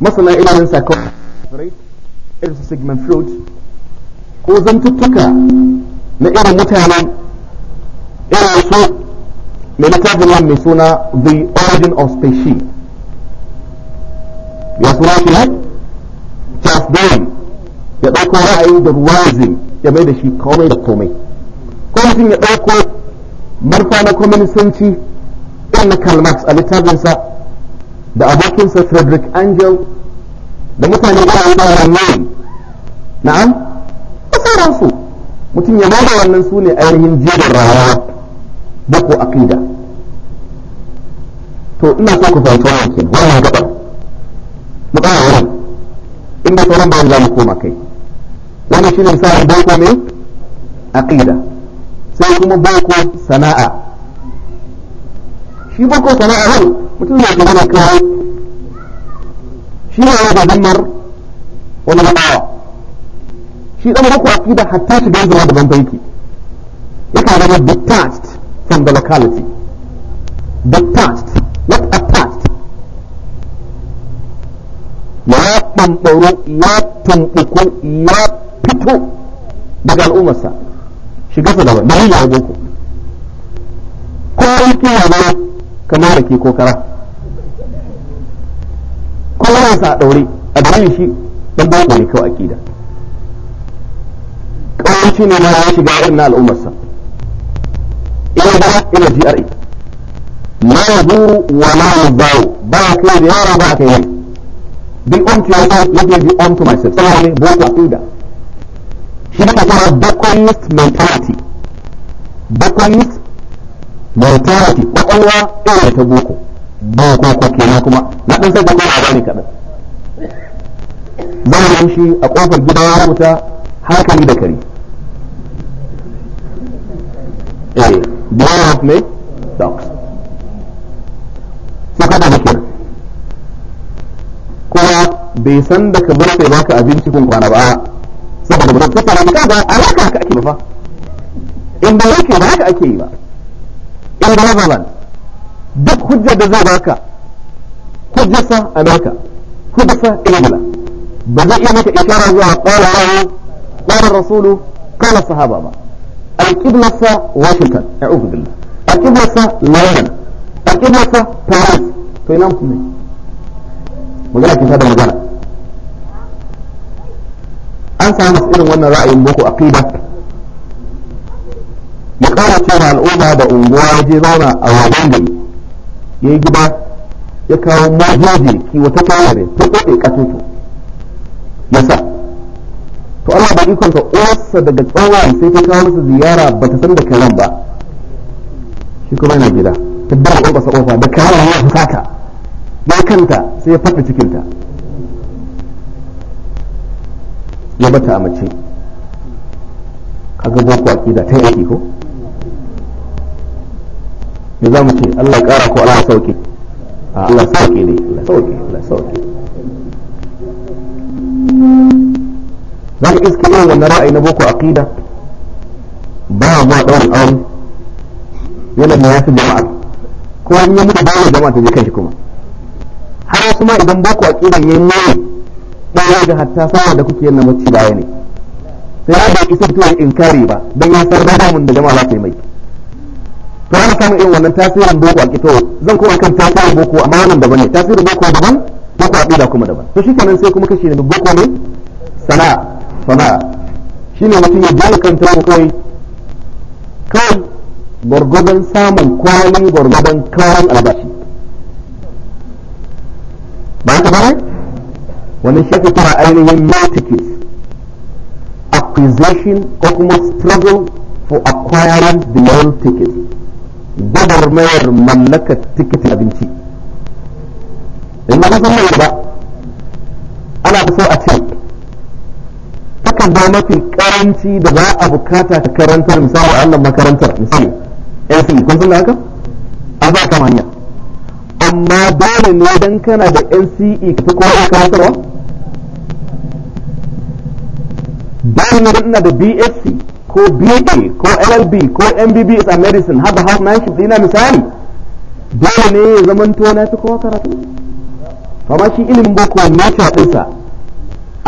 masana ilimin sakon sigmund freud ko zantuttuka na irin mutanen irin su mai littafin mai suna the origin of species ya suna shi ne Charles Darwin ya ɗauko ra'ayi da ruwazin ya mai da shi komai da komai ko mutum ya ɗauko marfa na kwaminisanci ɗan na Karl Marx a littafinsa da abokinsa frederick angel da mutane a waɗannan nan na'am da su mutum ya bada wannan su ne ainihin jirgin rawa da ko akida to ina so ku fahimci wannan kenan wannan gaba mu ƙara wurin in da sauran bayan za mu koma kai wannan shine misalin boko mai aqida sai kuma boko sana'a shi bako sana'ar mutum na gaba da kawai shi ne yana da zammar wani ba'awa shi ɗan bako aƙida hatta shi don zama da banbanki yakan the past from the locality The past, what a past. ya ɓanɓaro ya tumɓuku ya fito daga al'ummarsa shiga su daban da yin yawon boko kowa yake yawon kamar rake ko kara sa a ɗaure a dalilin shi dan boko ne kawai akida kawanci ne na ya shiga irin na al'ummarsa ina da ina GRA ma zuru wa ma yadaru ba a kai da yara ba a kai wani be unto yourself let me be unto myself saboda ne boko akida shi ne kuma bakwai mentality bakwai bai tara ki kwakwalwa irin ta boko boko ko kenan kuma na ɗan saka a bani kaɗan zamanin shi a ƙofar gida ya rubuta hankali da kari eh boy of me dogs kada da mutum kuma bai san da ka bar sai baka abinci kun kwana ba saboda ba ta fara ka ba alaka ka ake ba fa in ba yake ba haka ake yi ba in Netherlands duk hujjar da zai baka hujjarsa America hujjarsa Ingila ba zai iya maka ishara zuwa qala Allah qala rasulu kala sahaba ba al-qiblarsa Washington a'udhu billah al-qiblarsa London al-qiblarsa Paris to ina mutum ne magana kin da magana an samu irin wannan ra'ayin boko aqida mu ƙara kuma al'umma da unguwa ya je zauna a wajen da ya yi gida ya kawo majoji kiwo ta kaware ta kuɗe ƙasusu ya sa to Allah da ikon ka uwarsa daga tsawon sai ta kawo su ziyara ba ta san da karen ba shi kuma yana gida ta bar ƙofa sa ƙofa da karen ya fusata ya kanta sai ya fafe cikinta ya bata a mace kaga boko akida ta aiki ko me za mu ce Allah ƙara ko Allah sauke Allah sauke ne Allah sauke Allah sauke za ka iska yin wannan ra'ayi na boko aqida ba ma ɗaurin aure yana da yafi jama'ar ko in ya mutu bayan jama'a ta je kanshi kuma har wasu ma idan boko aqidan yayin nayi ɗaya da hatta sama da kuke yin na mace baya ne sai ya ba isa fitowa inkari ba don ya san rahamun da jama'a za ta yi mai to ana samun irin wannan tasirin boko a kito zan kuma kan tasirin boko amma wannan daban ne tasirin boko daban boko da kuma daban to shi kenan sai kuma kashi ne boko ne sana'a sana'a shine mutum ya jala kan tawo kai kawai gwargwadon samun kwali gwargwadon kawai albashi ba ta ba wannan shafi ake ainihin multicase acquisition ko kuma struggle for acquiring the mail gwagwarmayar mallakar tikitin abinci in ba kusan mai ba ana so a ce takan zama mafi karanci da za a bukata ta karantar misali a wannan makarantar misali NCE kun san haka a za kama hanya amma dole ne dan kana da NCE ka fi kowa karantarwa dole ne ina da BSc ko BA ko LLB ko MBB is a medicine haka shi dina misali dole ne ya zaman to na fi kowa karatu amma shi ilimin boko na ɗinsa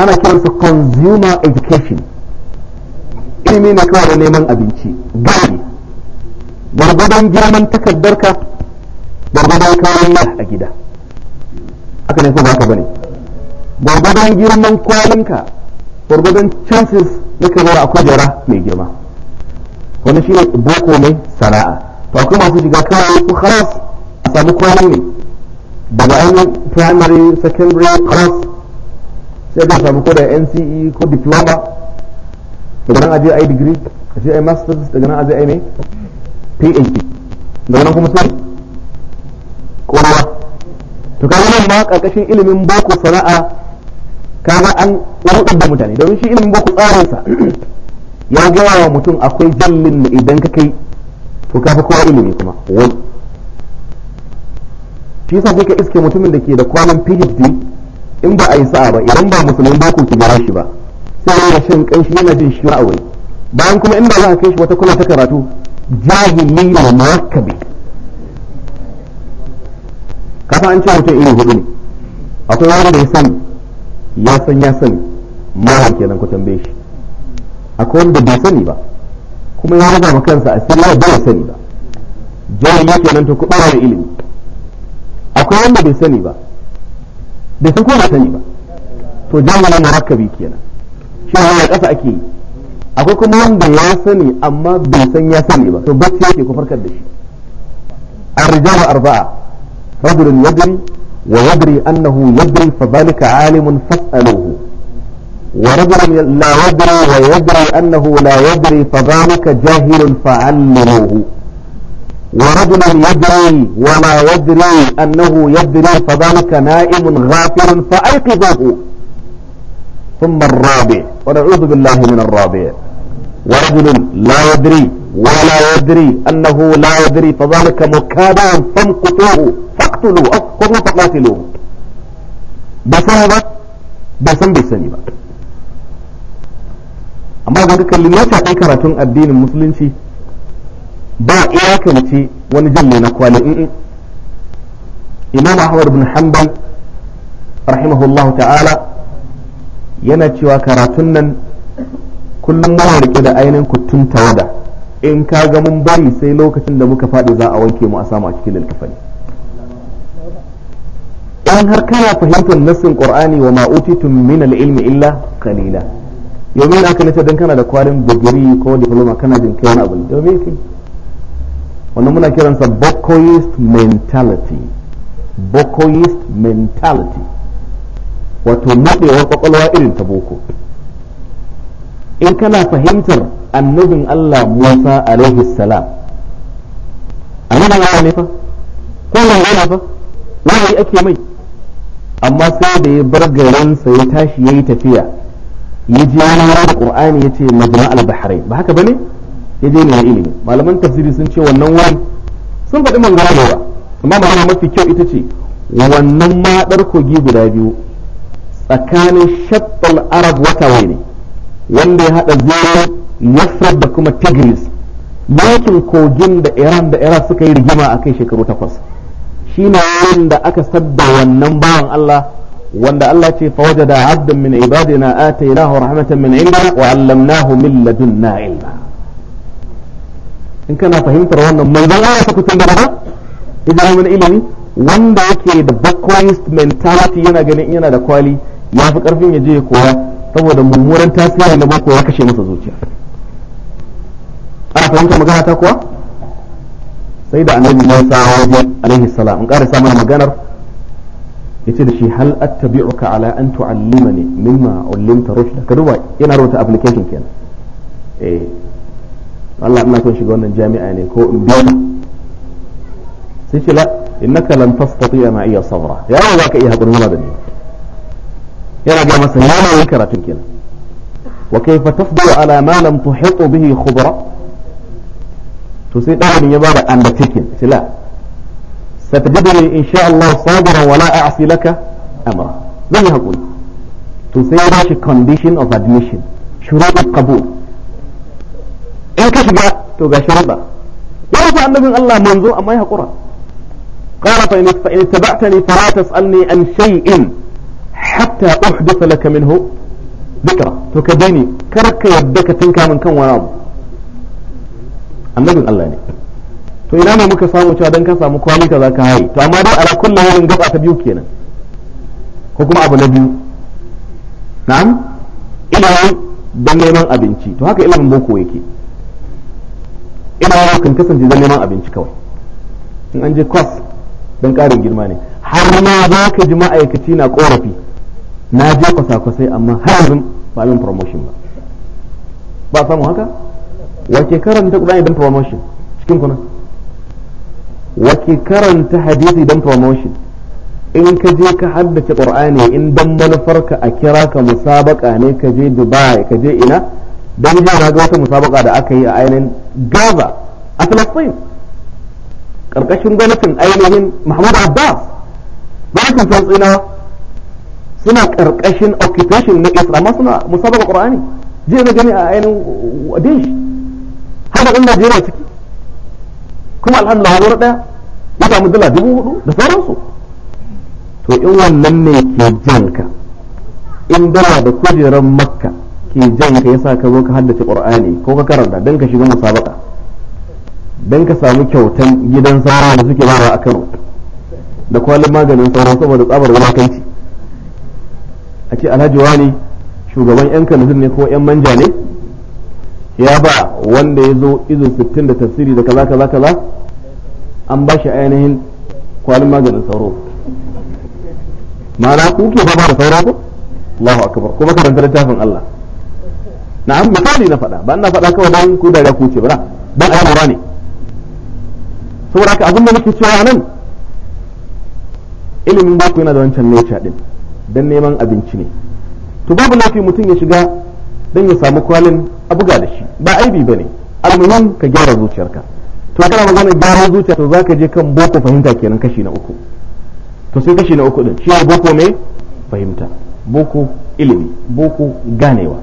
ana kiransa consumer education ilimi na kawai neman abinci gari gwargwadon girman takardarka gwargwadon kawai yah a gida haka ne ko ba ka bane gwargwadon girman kwalinka gwargwadon chances na kaiwa a kujera mai girma wani shi ne boko mai sana'a to akwai masu shiga kawai ku khalas a samu kwanan ne daga ainihin primary secondary haras sai ka samu ko da nce ko diploma daga nan aje yi degree a ce yi masters daga nan aje yi mai phd daga nan kuma sai kowa to kawai nan ma karkashin ilimin boko sana'a kaga an rudar da mutane domin shi ilimin boko sa ya gaya wa mutum akwai jallin da idan ka kai to ka kowa ilimi kuma wai shi sa sai ka iske mutumin da ke da kwanan PhD in ba a yi sa'a ba idan ba musulmin boko ki gara shi ba sai yana shan kanshi yana jin shi a bayan kuma in ba za a kai shi wata kula ta karatu jahili ne murakkabi kafa an ce mutum iri hudu ne akwai wani da ya sani ya san ya sani malam kenan ku tambaye shi akwai wanda bai sani ba kuma ya raba ma kansa asiri ya bai sani ba jahili kenan ta kuɗa da ilimi akwai wanda bai sani ba bai san ko ba sani ba to jahilin murakkabi kenan shi ne ƙasa ake yi akwai kuma wanda ya sani amma bai san ya sani ba to bacci yake ku farkar da shi الرجال أربعة رجل يدري ويدري أنه يدري فذلك عالم فاسألوه ورجل لا يدري ويدري أنه لا يدري فذلك جاهل فعلموه ورجل يدري ولا يدري أنه يدري فذلك نائم غافل فأيقظوه ثم الرابع ونعوذ بالله من الرابع ورجل لا يدري ولا يدري أنه لا يدري فذلك مكابا فانقطوه faqtulu ko kuma faqatilu ba sani ba ba san bai sani ba amma ga dukkan limata ɗin karatun addinin musulunci ba iyakance wani jalle na kwali in imam ahmad bin hanbal rahimahullah ta'ala yana cewa karatun nan kullum muna rike da ainihin kuttun tawada in ka ga mun bari sai lokacin da muka faɗi za a wanke mu a samu a cikin littafani an har kana fahimtar nassin qur'ani wa ma utitum min al-ilmi illa qalila yomin aka nace dan kana da kwarin digiri ko diploma kana jin kai wani abu ne yomin kai wannan muna kiransa bokoist mentality bokoist mentality wato maɗewar kwakwalwa irin ta boko in kana fahimtar annabin Allah Musa alaihi salam annabin Allah ne fa ko ne fa wani ake mai amma sai da ya bar garinsa ya tashi yayi tafiya ya je wani da qur'ani ya ce majma al bahrain ba haka bane ya je ne ilimi malaman tafsiri sun ce wannan wani sun faɗi mangana ba amma magana mafi kyau ita ce wannan maɗar kogi guda biyu tsakanin shattal arab wata ne wanda ya haɗa zuwa yasrab da kuma tigris yakin kogin da iran da iraq suka yi rigima a kai shekaru takwas Shi shine da aka sadda wannan bawan Allah wanda Allah ce fa wajada abdan min ibadina atainahu rahmatan min inda wa 'allamnahu min ladunna ilma in kana fahimtar wannan manzon Allah ta kutun gaba idan wani ilimi wanda yake da backward mentality yana ganin yana da kwali ya fi karfin ya je ya koya saboda mummunan tasiri na bako ya kashe masa zuciya ana fahimtar magana ta kuwa sai da annabi Musa alaihi salam in karasa mana maganar yace da shi hal attabi'uka ala an tu'allimani mimma ullimta rushda ka duba yana rubuta application kenan eh Allah ina son shiga wannan jami'a ne ko in bi sai ce la innaka lan tastati'a ma iya sabra ya ba ka iya hakuri da ni yana ga masa yana yin karatun kenan wa kayfa tafdu ala ma lam tuhit bihi khubra to sai ɗalibin ya ba da undertaking ce la satajidani in sha Allah sabiran wala a'si laka amra zan yi hakuri to sai ya shi condition of admission shuruɗul qabul in ka shiga to ga sharuɗa ya rufe annabin Allah manzo amma ya hakura قال فإن اتبعتني فلا تسألني عن شيء حتى أحدث لك منه ذكرى تكديني كرك يدك تنكا من كم ونابو annabin Allah ne to ina ma muka samu cewa dan ka samu kwali kaza ka haye to amma dai ala kullu halin gaba ta biyu kenan ko kuma abu na biyu na'am ilimin dan neman abinci to haka ilimin boko yake ilimin kan kasance dan neman abinci kawai in an je kwas dan karin girma ne har ma za ka ji ma'aikaci na korafi na je kwasa-kwasai amma har yanzu ba min promotion ba ba samu haka wake karanta Qur'ani dan promotion cikin kuna wake karanta hadisi dan promotion in ka je ka haddace Qur'ani in dan manufarka a kira ka musabaka ne ka je Dubai ka je ina dan je na ga wata musabaka da aka yi a ainihin Gaza a Palestine karkashin gwamnatin ainihin Muhammad Abbas gwamnatin Falasɗinawa suna karkashin occupation na Israel amma suna musabaka Qur'ani je na gani a ainihin Dish haka ɗin Najeriya ciki kuma alhamdulillah wani ɗaya ya samu dala dubu hudu da sauransu to in wannan ne ke janka in dala da kujerar makka ke janka ya sa ka zo ka haddace ƙur'ani ko ka karanta don ka shiga musabaka don ka samu kyautan gidan sauran da suke bara a kano da kwalin maganin sauran saboda tsabar wulakanci a ce alhaji wani shugaban yan kanzun ne ko yan manja ne ya ba wanda ya zo izin sittin da tafsiri da kaza kaza kaza an ba shi ainihin kwalin maganin sauro ma'ana ku ke da sauro ko Allahu akbar kuma karanta littafin Allah na'am misali na fada ba ina fada kawai don ku da ku ce ba dan ayyana ne saboda haka abin da nake cewa nan ilimin baku yana da wancan nature din dan neman abinci ne to babu lafi mutum ya shiga don ya samu kwalin a buga da shi ba aibi ba ne almuhim ka gyara zuciyarka to kana magana gyara zuciya to zaka je kan boko fahimta kenan kashi na uku to sai kashi na uku din shi boko ne fahimta boko ilimi boko ganewa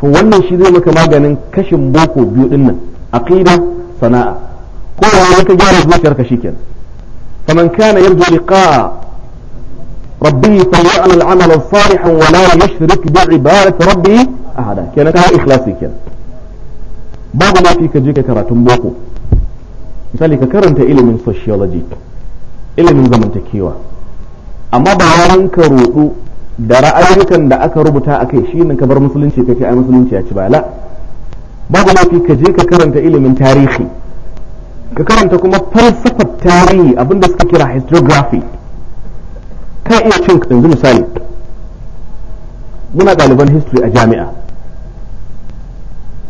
to wannan shi zai maka maganin kashin boko biyu din nan aqida sana'a ko ya ka gyara zuciyarka shikenan faman kana yarju liqa'a rabbi faly'amal amalan salihan wa la yushrik bi ibadati rabbi ahada kenan ka ikhlasi kenan babu lafi ka je kai karatun boko misali ka karanta ilimin sociology ilimin zamantakewa amma ba wurin ka roɗu da ra'ayoyin da aka rubuta a kai shi ka bar musulunci kake ai musulunci ya ci bala babu lafi ka ka karanta ilimin tarihi ka karanta kuma falsafar tarihi abinda suka kira historiography ka iya cin yanzu misali muna ɗaliban history a jami'a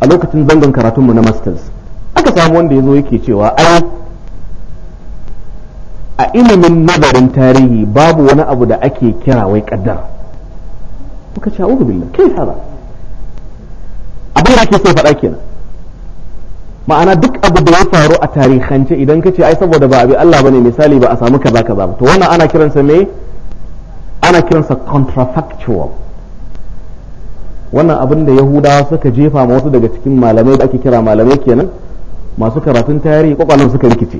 a lokacin zangon karatunmu na masters aka samu wanda ya zo yake cewa ai a ilimin nazarin tarihi babu wani abu da ake kira wai kaddara muka ce a'udhu billah kai hada abin da ake so faɗa kenan ma'ana duk abu da ya faru a tarihance idan ka ce ai saboda ba abi Allah bane misali ba a samu kaza kaza ba to wannan ana kiransa me ana kiransa contrafactual wannan abin da yahudawa suka jefa ma wasu daga cikin malamai da ake kira malamai kenan masu karatun tarihi kwakwalon suka rikice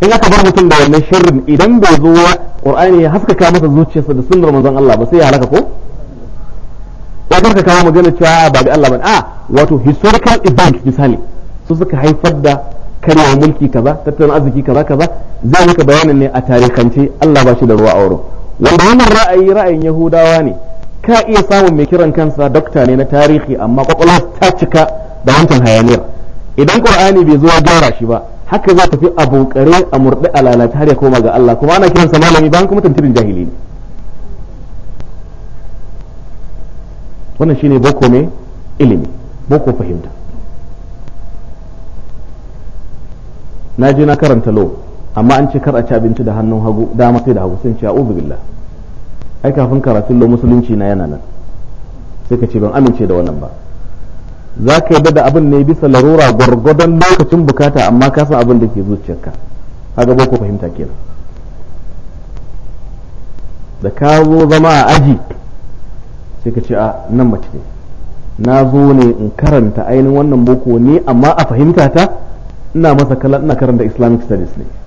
in aka bar mutum da wannan shirin idan bai zo qur'ani ya haskaka masa zuciyarsa da sunnar manzon Allah ba sai ya halaka ko ya karka kawo magana cewa ba bi Allah ba a wato historical event misali su suka haifar da karyar mulki kaza tattalin arziki kaza kaza zai maka bayanin ne a tarihance Allah ba shi da ruwa a wurin wanda wannan ra'ayi ra'ayin yahudawa ne ka iya samun mai kiran kansa dokta ne na tarihi amma kwakwalwa ta cika da wancan hayaniyar idan qur'ani bai zo gyara shi ba haka za tafi a bokare a murɗe a lalata har ya koma ga Allah kuma ana kiransa malami ba kuma tantirin jahili ne wannan shine boko me ilimi boko fahimta na je na karanta lo amma an ce kar a ci abinci da hannun hagu dama sai da hagu sun ce ubi billah ai kafin karatun lo musulunci na yana nan sai ka ce ban amince da wannan ba za ka yi da abin ne bisa larura gwargwadon lokacin bukata amma ka san abin da ke zuciyarka kaga ko fahimta kenan da ka zo zama a aji sai ka ce a nan mace ne na zo ne in karanta ainihin wannan boko ne amma a fahimta ta ina masa kalan ina karanta islamic studies ne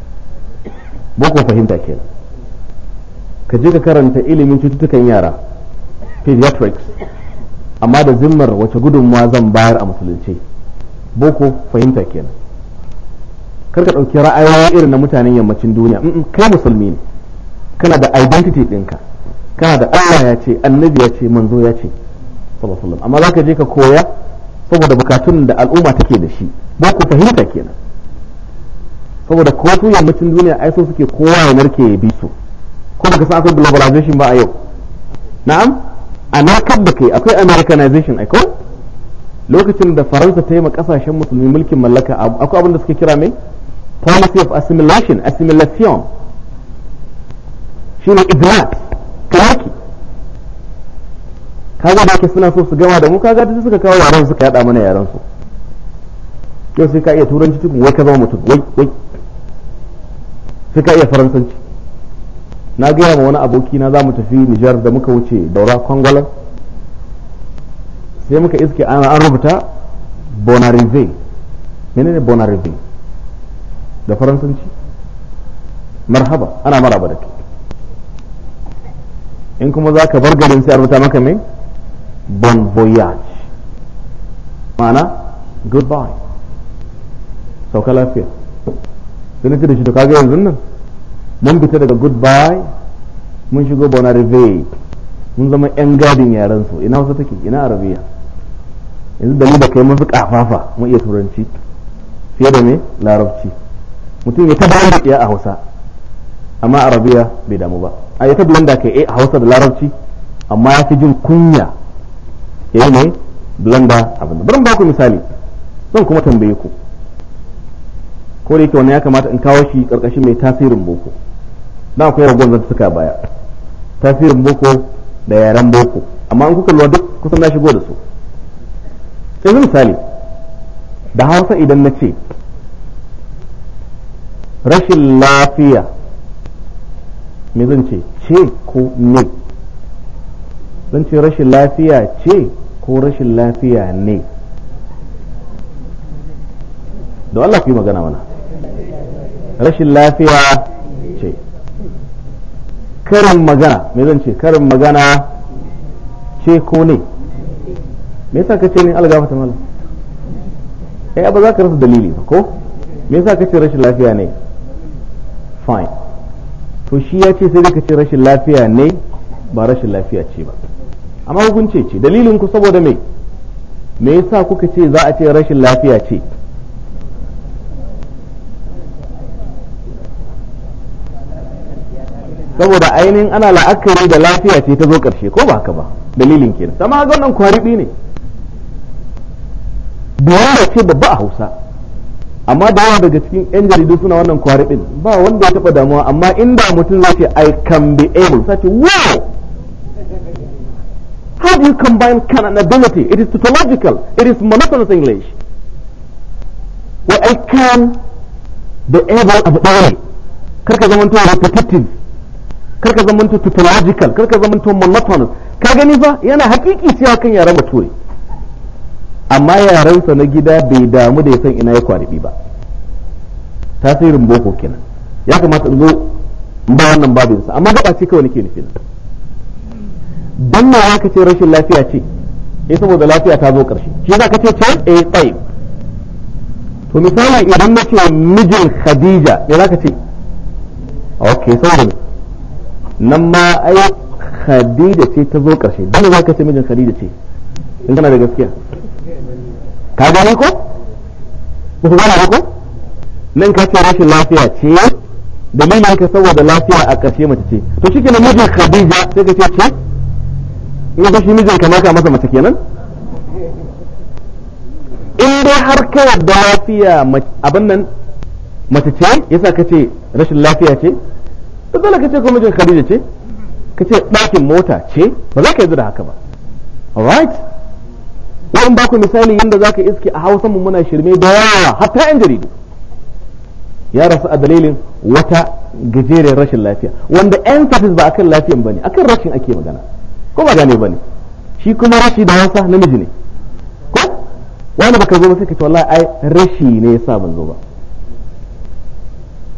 boko fahimta kenan ka je ka karanta ilimin cututtukan yara pediatrics amma da zimmar wace gudunmawa zan bayar a musulunci boko fahimta kenan karka ɗauki ra'ayoyi irin na mutanen yammacin duniya kai musulmi ne kana da identity ɗinka kana da Allah ya ce annabi ya ce manzo ya ce amma amma ka je ka koya saboda bukatun da al'umma take da shi boko fahimta kenan saboda ko su yammacin duniya ai so suke kowa ya narke ya bi su ko baka san akwai globalization ba a yau na'am a kan da kai akwai americanization ai ko lokacin da faransa ta yi ma kasashen musulmi mulkin mallaka akwai abin da suke kira mai policy of assimilation assimilation shine idrak kawaki kaga da ke suna so su gama da mu kaga da suka kawo yaran suka yada mana yaran su yau sai ka iya turanci cikin wai ka zama mutum wai wai sai ka iya faransanci na gaya ma wani aboki na za mu tafi nijar da muka wuce daura kwangwalar sai muka iske ana an rubuta bonarive menene bonarive da faransanci marhaba ana maraba da ke in kuma za ka bar garin sai a rubuta maka mai bon voyage ma'ana goodbye sauka lafiya sai da shi to kaga yanzu nan mun fita daga goodbye mun shigo bona rive mun zama yan gadin yaran su ina wasu take ina arabiya yanzu da mu da kai mun fi kafafa mun iya turanci fiye da me larabci mutum ya ta da a hausa amma arabiya bai damu ba a ya ta kai eh, a hausa da larabci amma ya fi jin kunya ya yi ne blanda abin da ba ku misali zan kuma tambaye ku ko da yake wannan ya kamata in kawo shi karkashin mai tasirin boko na akwai ragon zan suka baya tasirin boko da yaren boko amma in kuka lura duk kusan na shigo da su yanzu misali da hausa idan na ce rashin lafiya me zan ce ce ko ne zan ce rashin lafiya ce ko rashin lafiya ne da Allah fi magana mana rashin lafiya ce karin magana me zan ce karin magana ce ko ne me yasa kace ni algafa ta mala eh ba za ka rasa dalili ba ko me yasa kace rashin lafiya ne fine to shi ya ce sai dai ce rashin lafiya ne ba rashin lafiya ce ba amma hukunce ce dalilin ku saboda me me yasa kuka ce za a ce rashin lafiya ce saboda ainihin ana la'akari da lafiya ce ta zo ƙarshe ko ba haka ba dalilin kenan sama ga wannan kwaribi ne da ce babba a hausa amma da yawa daga cikin yan jaridu suna wannan kwaribin ba wanda ya taɓa damuwa amma inda mutum zai ce i can be able ce wow how do you combine can and ability it is tautological it is monotonous english well i can be able abu ɗaya karka zama to repetitive kar ka zamanto tautological kar ka zamanto monotonous ka gani fa yana hakiki cewa kan yaran bature amma yaransa na gida bai damu da ya san ina ya kwaribi ba tasirin boko kenan ya kamata in zo ba wannan babin sa amma gaba ce kawai nake nufi dan ma aka ce rashin lafiya ce eh saboda lafiya ta zo karshe shi za ka ce can eh tsayi to misali idan na ce mijin khadija ya za ka ce okay saboda nan ma ai khadija ce ta zo karshe dan za ka ce mijin khadija ce in kana da gaskiya ka gane ko ku gane ko nan ka ce rashin lafiya ce dalilin ka saboda lafiya a karshe mace ce to shi kenan mijin khadija sai ka ce ce in ka shi mijin kamar ka masa mace kenan in dai har ka yarda lafiya abin nan mace ce yasa ka ce rashin lafiya ce to dole ka ce ko mijin Khadija ce ka ce ɗakin mota ce ba za ka yi da haka ba alright wani ba ku misali yadda za ka iske a hausa mu muna shirme da yawa hatta yan jaridu ya rasu a dalilin wata gajeriyar rashin lafiya wanda tafis ba akan lafiyan bane akan rashin ake magana ko ba gane bane shi kuma rashi da hausa namiji ne ko wani baka zo ba sai ka ce wallahi ai rashi ne yasa ban zo ba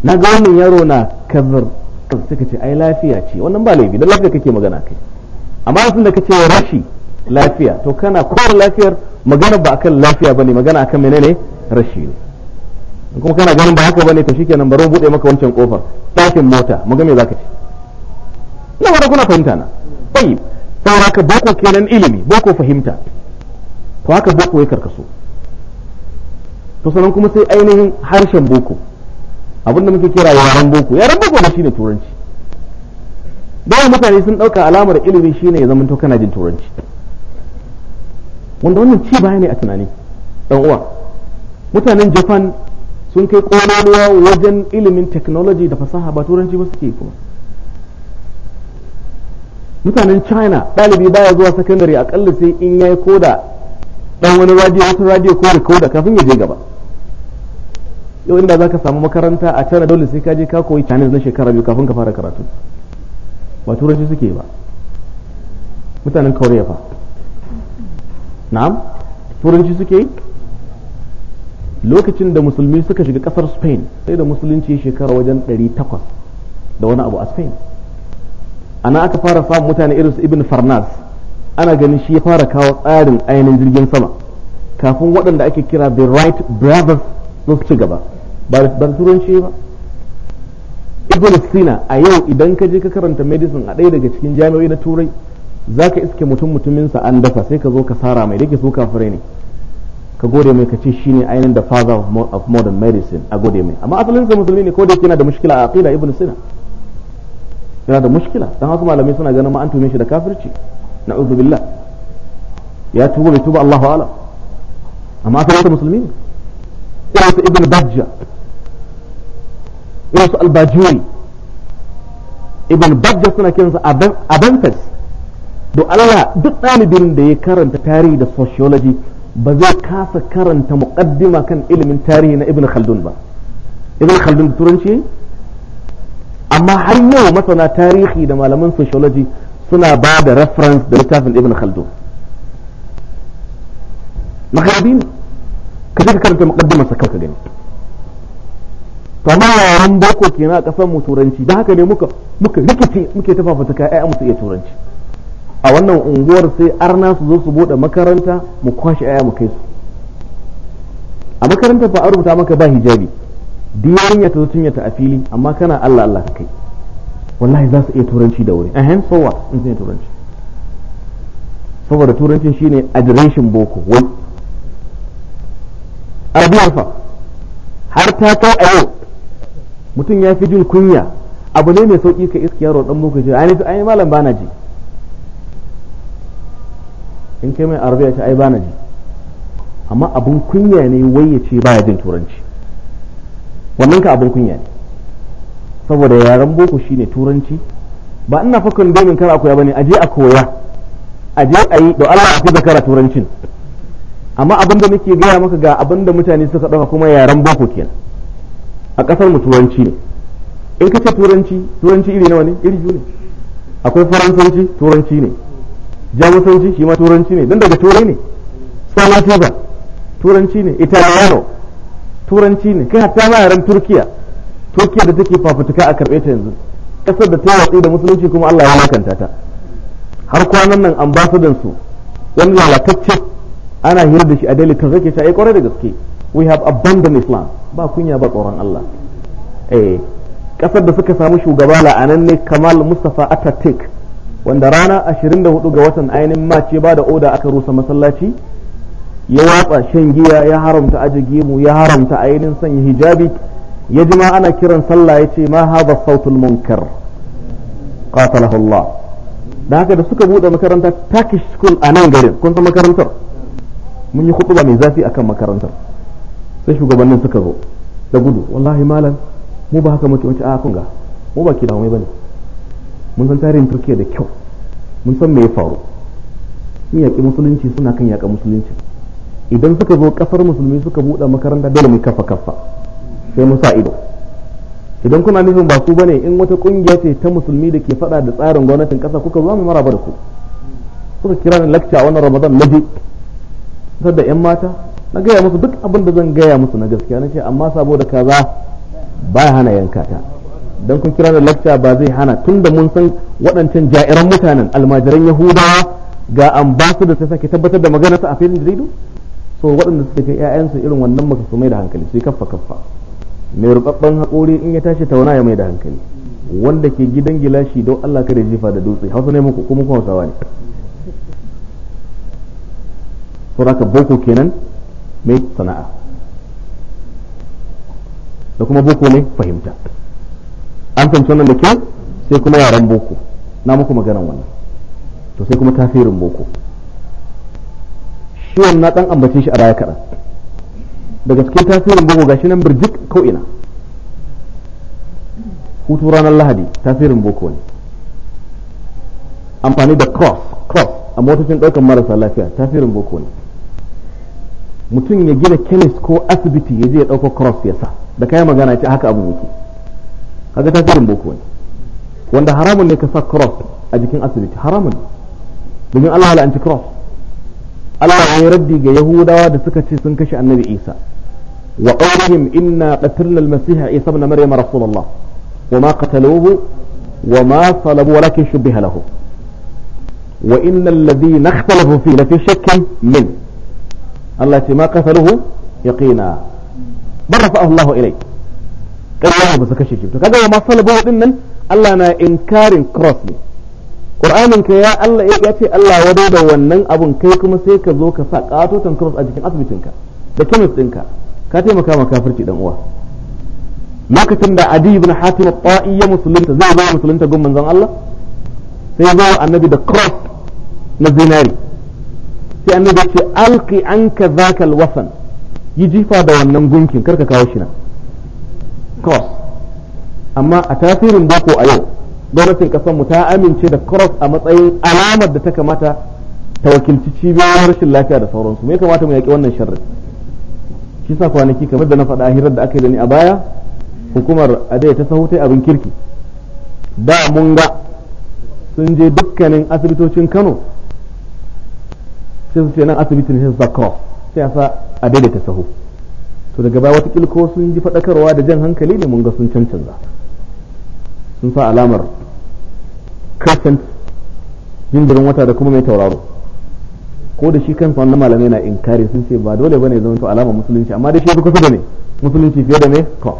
na ga wannan yaro na kazar to suka ce ai lafiya ce wannan ba laifi da lafiya kake magana kai amma sun da kace rashi lafiya to kana kowar lafiyar magana ba akan lafiya bane magana akan menene rashi ne kuma kana ganin ba haka bane to shikenan bari mu bude maka wancan kofar tashin mota mu ga me zaka ce na wanda kuna fahimta na tayyib fara haka boko kenan ilimi boko fahimta to haka boko ya karkaso to sanan kuma sai ainihin harshen boko abin da muke kira yaren boko yaren boko ne shine turanci dawa mutane sun ɗauka alamar ilimi shine ya zama to kana jin turanci wanda wannan ci baya ne a tunani dan uwa mutanen japan sun kai kololuwa wajen ilimin technology da fasaha ba turanci ba suke kuma mutanen china ɗalibi baya zuwa sakandare akalla sai in yayi koda dan wani radio wata radio ko da kafin ya je gaba yau inda zaka samu makaranta a cana dole sai ka je ka koyi canis na shekara biyu kafin ka fara karatu ba turanci suke ba mutanen Korea fa na'am turanci suke lokacin da musulmi suka shiga kasar Spain sai da musulunci shekara wajen 800 da wani abu a Spain ana aka fara samun mutane irin su Ibn Farnas ana ganin shi ya fara kawo tsarin ainihin jirgin sama kafin waɗanda ake kira the right brothers sun ci gaba ban turanci ba ibn sina a yau idan ka je ka karanta medicine a ɗaya daga cikin jami'o'i na turai za ka iske mutum mutumin sa an dafa sai ka zo ka sara mai dake su kafirai ne ka gode mai ka ce shi ne ainihin da father of modern medicine a gode mai amma asalin sa musulmi ne ko da yana da mushkila a aqida ibn sina yana da mushkila dan wasu malamai suna ganin ma an tume shi da kafirci na'udhu billah ya tuba bai tuba Allahu a'lam amma asalin sa musulmi ne irin su ibn bajja irin su albajiri ibn bajja suna kiransa abenfes da Allah duk ɗalibin da ya karanta tarihi da sociology ba zai kasa karanta muqaddima kan ilimin tarihi na ibn khaldun ba ibn khaldun turanci amma har yau masana tarihi da malaman sociology suna ba da reference da littafin ibn khaldun magharibi ka ka karanta muqaddimar sa kanka gani to amma yaran boko kenan a kasan mu turanci da haka ne muka muka rikice muke tafafata kai ai musu iya turanci a wannan unguwar sai arna su zo su bude makaranta mu kwashi aya mu kai su a makaranta fa an rubuta maka ba hijabi diyarin ya tazo cinyata a fili amma kana Allah Allah kai wallahi za su iya turanci da wuri so what in sun iya turanci saboda turancin shine adireshin boko wai rabuwar har ta kai a yau mutum ya fi jin kunya abu ne mai sauƙi ka iska yaro dan boko ji ai ai malam bana ji in kai mai arabiya ce ai bana ji amma abun kunya ne wai ya ce baya jin turanci wannan ka abun kunya ne saboda yaren boko shine turanci ba ina fakon domin kar a koya bane aje a koya aje a yi da Allah a fi zakara turancin amma abin da muke gaya maka ga abin da mutane suka ɗauka kuma yaren boko kenan a ƙasar mu turanci ne in ka ce turanci turanci iri nawa ne iri biyu ne akwai faransanci turanci ne jamusanci shi ma turanci ne don daga turai ne spanish turanci ne italiano turanci ne kai hatta ma yaren turkiya turkiya da take fafutuka a karɓe ta yanzu ƙasar da ta watsi da musulunci kuma allah ya makanta ta har kwanan nan ambasadansu wani lalatacce ana hira da shi a daily kan zai ce kwarai da gaske we have abandoned islam ba kunya ba tsoron Allah eh kasar da suka samu shugaba la'anan ne Kamal Mustafa atatik wanda rana 24 ga watan ainihin mace ba da oda aka rusa masallaci ya watsa shan giya ya haramta aji gemu ya haramta ainihin sanya hijabi ya ji ma ana kiran sallah ya ce ma haza sautul munkar qatalahu Allah da haka da suka buɗe makaranta Turkish school a nan garin kun san makarantar mun yi kutuba mai zafi akan makarantar sai shugabannin suka zo da gudu wallahi malam mu ba haka muke wace a ah, ga mu ba ki da mai bane mun san tarihin turkiya da kyau mun san me ya faru sun yaƙi musulunci suna kan yaƙa musulunci idan suka zo kasar musulmi suka buɗe makaranta dole mu kafa kafa sai mu sa ido idan kuna nufin ba ku bane in wata kungiya ce ta musulmi da ke faɗa da tsarin gwamnatin ƙasa kuka zo mu maraba da ku kuka kira ni lakta a wannan ramadan na fitar da 'yan mata na gaya musu duk abin da zan gaya musu na gaskiya na ce amma saboda kaza ba ya hana yanka ta don kun kira da lacca ba zai hana tun da mun san waɗancan ja'iran mutanen almajiran yahudawa ga ambasu da ta sake tabbatar da magana ta a filin jaridu so waɗanda suka kai 'ya'yansu irin wannan maka su mai da hankali su yi kaffa kaffa mai rubabban haƙori in ya tashi tauna ya mai da hankali wanda ke gidan gilashi don Allah kada jifa da dutse hausa ne muku kuma kuma hausawa ne sauraka boko kenan mai sana'a da kuma boko ne fahimta an fahimci wannan da kyau sai kuma yaren boko na muku maganan wannan to sai kuma tasirin boko shi wannan dan ambace shi a baya kaɗan daga cikin tasirin boko gashi nan birjik ko ina hutu ranar lahadi tasirin boko ne amfani da cross cross a motocin ɗaukar marasa lafiya tasirin boko ne mutum ya gina kemis ko asibiti ya je ya dauko cross ya sa da kai magana ce haka abu yake kaga ta tasirin boko ne wanda haramun ne ka sa cross a jikin asibiti haramun domin Allah la anti cross Allah ya raddi ga Yahudawa da suka ce sun kashe Annabi Isa wa qawlihim inna qatalna al-masiha Isa ibn Maryam rasulullah wa ma qataluhu wa ma salabu walakin shubbiha lahu wa inna alladhina ikhtalafu fihi lafi shakkin min Allah ce ma kasaruhu yaqina bar rafa'ahu Allah ilai kallon ba su kashe shi to kaga ma salabu din nan Allah na inkarin cross ne Qur'anin ka ya Allah ya ce Allah wadai da wannan abun kai kuma sai ka zo ka sa katotan cross a jikin asibitinka da chemist ɗinka ka taimaka ma kafirci dan uwa lokacin da adi ibn hatim ta'i ya musulunta zai zama musulunta gun manzon Allah sai ya zo annabi da cross na zinari sai annabi ce alqi anka zaka wasan yi jifa da wannan gunkin karka kawo shi na cross amma a tasirin boko a yau gwamnatin kasar mu ta amince da cross a matsayin alamar da ta kamata ta wakilci cibiyoyin rashin lafiya da sauransu me kamata mu yaƙi wannan sharrin shi sa kwanaki kamar da na faɗa a hirar da aka yi da ni a baya hukumar adai ta sahu ta abin kirki da mun ga sun je dukkanin asibitocin Kano sai su ce nan asibitin sai su sa cross sai a sa a daidaita sahu to daga baya watakila ko sun ji faɗakarwa da jan hankali ne mun ga sun cancanza sun sa alamar crescent jinjirin wata da kuma mai tauraro ko da shi kansa wannan malamai na inkari sun ce ba dole bane zama to alamar musulunci amma da shi yafi kusa da ne musulunci fiye da ne cross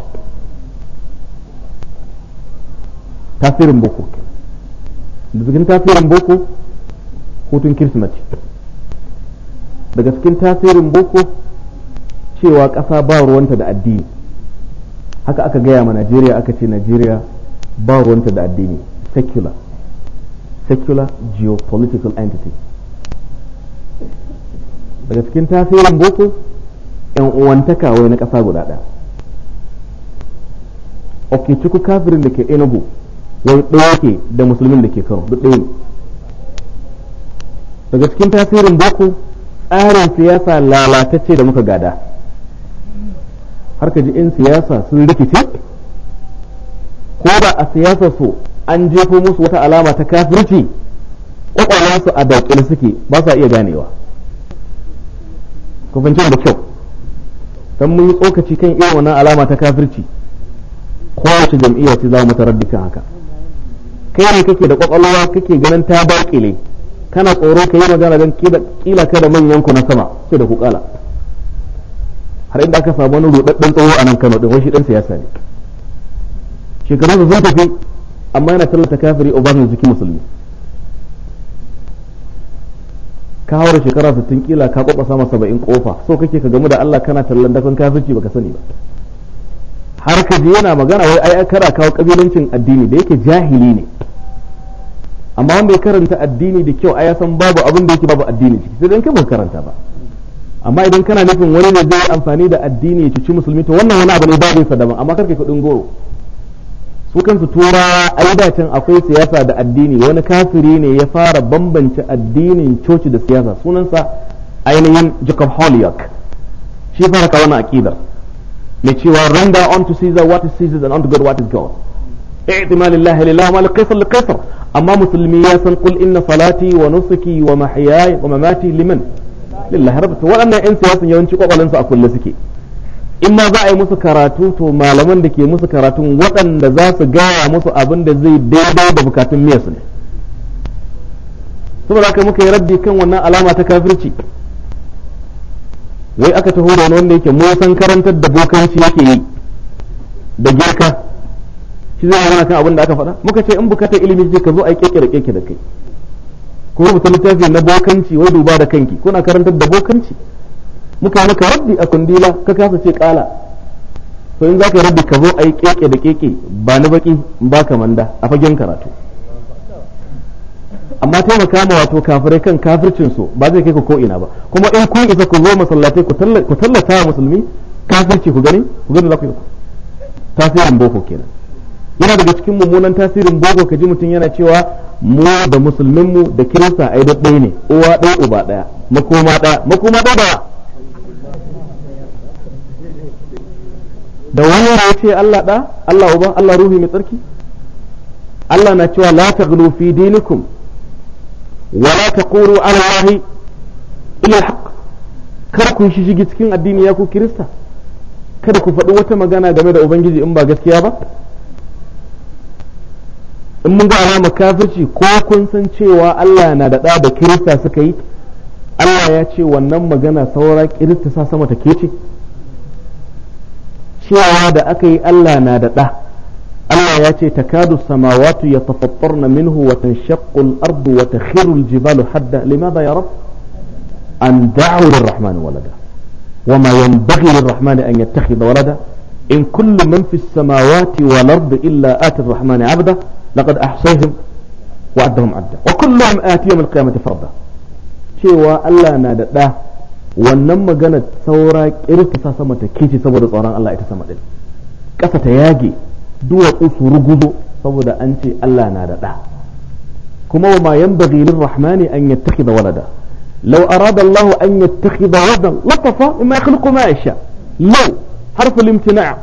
tasirin boko da zikin tasirin boko hutun kirsimati daga cikin tasirin boko cewa ƙasa ba ruwanta da addini haka aka gaya ma najeriya aka ce najeriya ba ruwanta da addini secular secular geopolitical entity daga cikin tasirin boko yan uwantaka wai na ƙasa guda ɗaya okechukwu kafirin da ke enugu wai ɗaya da musulmin da ke kano duk ɗaya daga cikin tasirin boko tsarin siyasa lalatacce da muka gada har ka ji in siyasa sun rikice ko ba a siyasa su an jefo musu wata alama ta kafirci su a daƙil suke ba sa iya ganewa kufancin da kyau don mun yi tsokaci kan irin wannan alama ta kafirci kowace jam'iyya ce za mu tarar dukkan haka kai ne kake da kwakwalwa kake ganin ta baƙile kana tsoro ka yi magana don kila da manyan ku na sama sai da ku kala har inda aka samu wani rudaddan tsawo a nan Kano din wani shi dan siyasa ne shekaru da sun tafi amma yana tallata kafiri Obama jiki musulmi ka haura shekara 60 kila ka kwaba sama saba'in kofa so kake ka gamu da Allah kana tallan dakon kafirci baka sani ba har ka ji yana magana wai ai kara kawo kabilancin addini da yake jahili ne amma wanda ya karanta addini da kyau a ya san babu abin da yake babu addini ciki sai dan kai ba karanta ba amma idan kana nufin wani ne zai amfani da addini ya cuci musulmi to wannan wani abu ne babin sa daban amma karka kudin goro su kansu tura ai da can akwai siyasa da addini wani kafiri ne ya fara bambance addinin coci da siyasa sunansa ainihin Jacob Holyoke shi fara ka wannan aqidar mai cewa render unto Caesar what is Caesar's and unto God what is God i'tima lillahi lillahi ma al-qaisar amma musulmi ya san kul inna salati wa nusuki wa mahyaya wa mamati liman lillahi rabbi waɗannan yan siyasan yawanci su a kulle suke in ma za a yi musu karatu to malaman da ke musu karatu waɗanda za su gaya musu abin da zai daidai da bukatun miyarsu ne saboda haka muka yi raddi kan wannan alama ta kafirci wai aka taho da wanda yake mu san karantar da bokanci yake yi da girka shi zai magana kan abin da aka faɗa muka ce in bukatar ilimi ce ka zo a yi kekere keke da kai ko rubuta littafi na bokanci wai duba da kanki kuna karantar da bokanci muka maka rabbi a kundila ka kasa ce kala to in zaka rabbi ka zo a yi keke da keke ba ni baki ba ka manda a fagen karatu amma taimaka ma wato kafirai kan kafircin su ba zai kai ku ko ina ba kuma in kun isa ku zo masallatai ku tallata musulmi kafirci ku gani ku gani za ku yi tasirin boko kenan yana daga cikin mummunan tasirin boko kaji mutum yana cewa mu da musulmin mu da kirista ai da ɗaya ne uwa ɗaya uba ɗaya makoma ɗaya makoma ɗaya da da wani ya ce Allah ɗa Allah uba Allah ruhi mai tsarki Allah na cewa la taghlu fi dinikum wa la taqulu ala allahi illa haqq haq kar ku shige cikin addini ya ku kirista kada ku faɗi wata magana game da ubangiji in ba gaskiya ba in mun ga alama kafirci ko kun san cewa Allah na da da kirista suka yi Allah ya ce wannan magana saura kirista sa sama ta kece cewa da aka yi Allah na da Allah ya ce takadu samawatu ya tafattarna minhu wa tanshaqqul ardu wa takhiru aljibalu hadda limadha ya rab an da'u lirrahman walada وما ينبغي للرحمن أن يتخذ ولدا إن كل من في السماوات والأرض illa آتي rahman عبدا لقد أحصيهم وعدهم عدا وكلهم آتي يوم القيامة فردا شيوا ألا نادت له ونما قنت ثورة إرتي سامتة كيشي سبودة طوران ألا إتسامت له كفة ياجي دوا أسو رقضو سبودة أنتي ألا نادت له كما وما ينبغي للرحمن أن يتخذ ولدا لو أراد الله أن يتخذ ولدا لطفا إما يخلق ما يشاء لو حرف الامتناع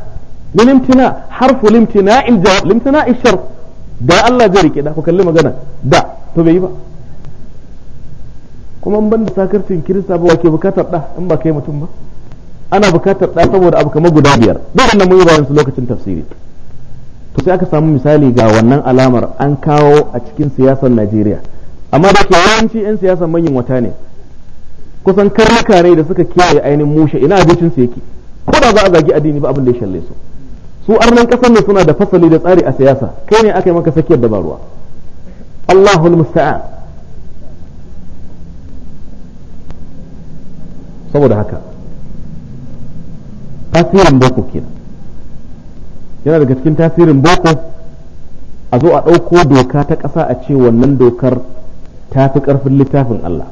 للامتناع حرف الامتناع الجواب الامتناع الشرط da Allah zai rike da ku kalli magana da to bai yi ba kuma ban da sakarcin kirista ba wake bukatar da in ba kai mutum ba ana bukatar da saboda abu kamar guda biyar duk wannan mun yi bayan su lokacin tafsiri to sai aka samu misali ga wannan alamar an kawo a cikin siyasar Najeriya amma da ke yawanci 'yan siyasar manyan wata ne kusan karnuka ne da suka kiyaye ainihin mushe ina abincinsu yake ko da za a zagi addini ba abin da ya shalle su su arnan kasar ne suna da fasali da tsari a siyasa kai ne aka yi maka sakiyar dabaruwa Allahul musta'an saboda haka tasirin boko kenan yana daga cikin tasirin boko a zo a ɗauko doka ta ƙasa a ce wannan dokar ta fi ƙarfin littafin Allah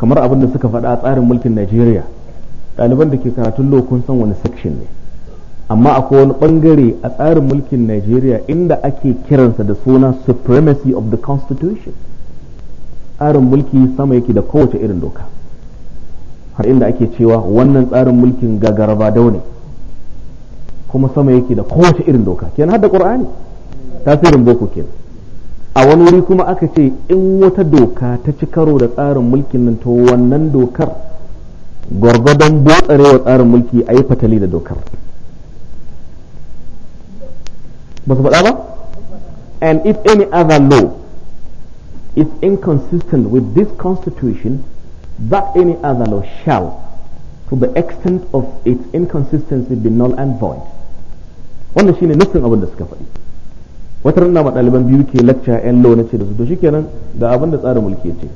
kamar abin da suka faɗa a tsarin mulkin Najeriya ɗaliban da ke karatun lokun san wani section ne amma akwai wani bangare a tsarin mulkin Najeriya inda ake kiransa da suna supremacy of the constitution tsarin mulki sama yake da kowace irin doka har inda ake cewa wannan tsarin mulkin gagaraba dau ne kuma sama yake da kowace irin doka kenan har da qur'ani tasirin boko kenan a wani wuri kuma aka ce in wata doka ta ci karo da tsarin mulkin nan to wannan dokar gwargwadon botsarewa tsarin mulki a yi fatali da dokar ba su ba and if any other law is inconsistent with this constitution that any other law shall to the extent of its inconsistency be null and void wannan shine nufin abin da suka faɗi wata rana ma ɗaliban biyu ke lecture yan law na ce da su to shikenan da abin da tsarin mulki ce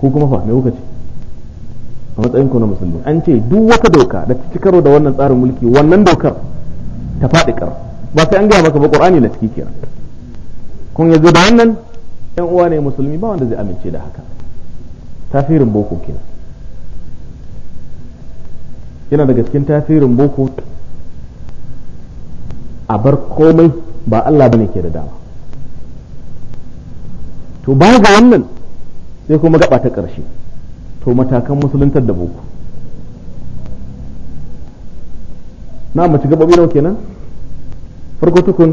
ko kuma fa me kuka ce a matsayin ku na musulmi an ce duk wata doka da ta ci karo da wannan tsarin mulki wannan dokar ta faɗi ƙarfi ba sai an gaya maka ba qur'ani na ciki kenan kun yanzu da wannan yan uwa ne musulmi ba wanda zai amince da haka tasirin boko kenan yana daga cikin tasirin boko a bar komai ba Allah bane ke da dama to ba ga wannan sai kuma gaba ta ƙarshe to matakan musuluntar da boko na mace gaba nawa kenan farko tukun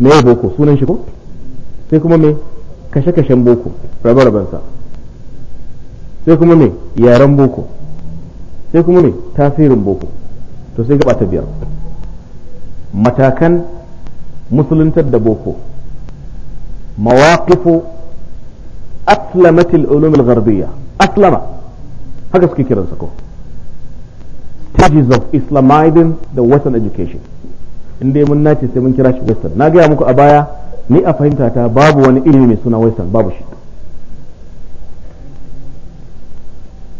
me ya boko sunan shi ko sai kuma me kashe-kashen boko rabe-rabensa sai kuma me yaren boko sai kuma me tasirin boko to sai gaba ta biyar matakan musuluntar da boko mawaƙifu aslamatil ulumul garbiya aslama haka suke kiransa ko stages of islamizing the western education in dai mun nace sai mun kira shi western na gaya muku a baya ni a fahimta ta babu wani ilimi mai suna western babu shi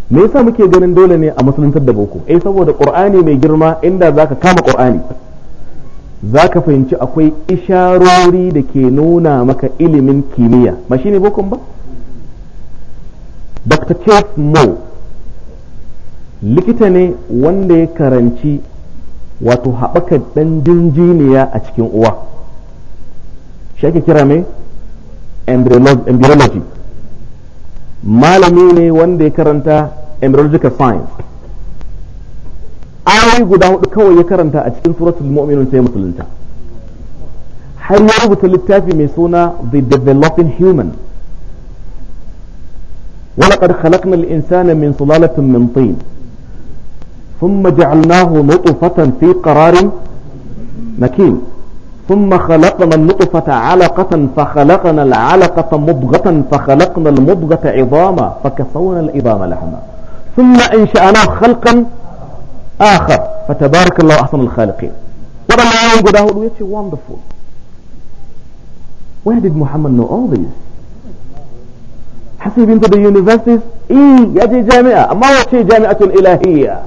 me yasa muke ganin dole ne a musuluntar da boko eh saboda qur'ani mai girma inda zaka kama qur'ani zaka fahimci akwai isharori da ke nuna maka ilimin kimiyya ba shine bokon ba Dr. Chase Moore likita ne wanda ya karanci wato haɓakar ɗan jinjiniya a cikin uwa shi ake kira mai embryology malami ne wanda ya karanta embryological science ayoyi guda hudu kawai ya karanta a cikin suratul mu'minun sai musulunta har ya rubuta littafi mai suna the developing human ولقد خلقنا الإنسان من صلالة من طين ثم جعلناه نطفة في قرار مكين ثم خلقنا النطفة علقة فخلقنا العلقة مضغة فخلقنا المضغة عظاما فكسونا العظام لحما ثم انشأناه خلقا آخر فتبارك الله أحسن الخالقين What am I going to do? it's wonderful where did Muhammad know all this has he been to the universities إيه يأتي جامعة ما هو شيء جامعة الإلهية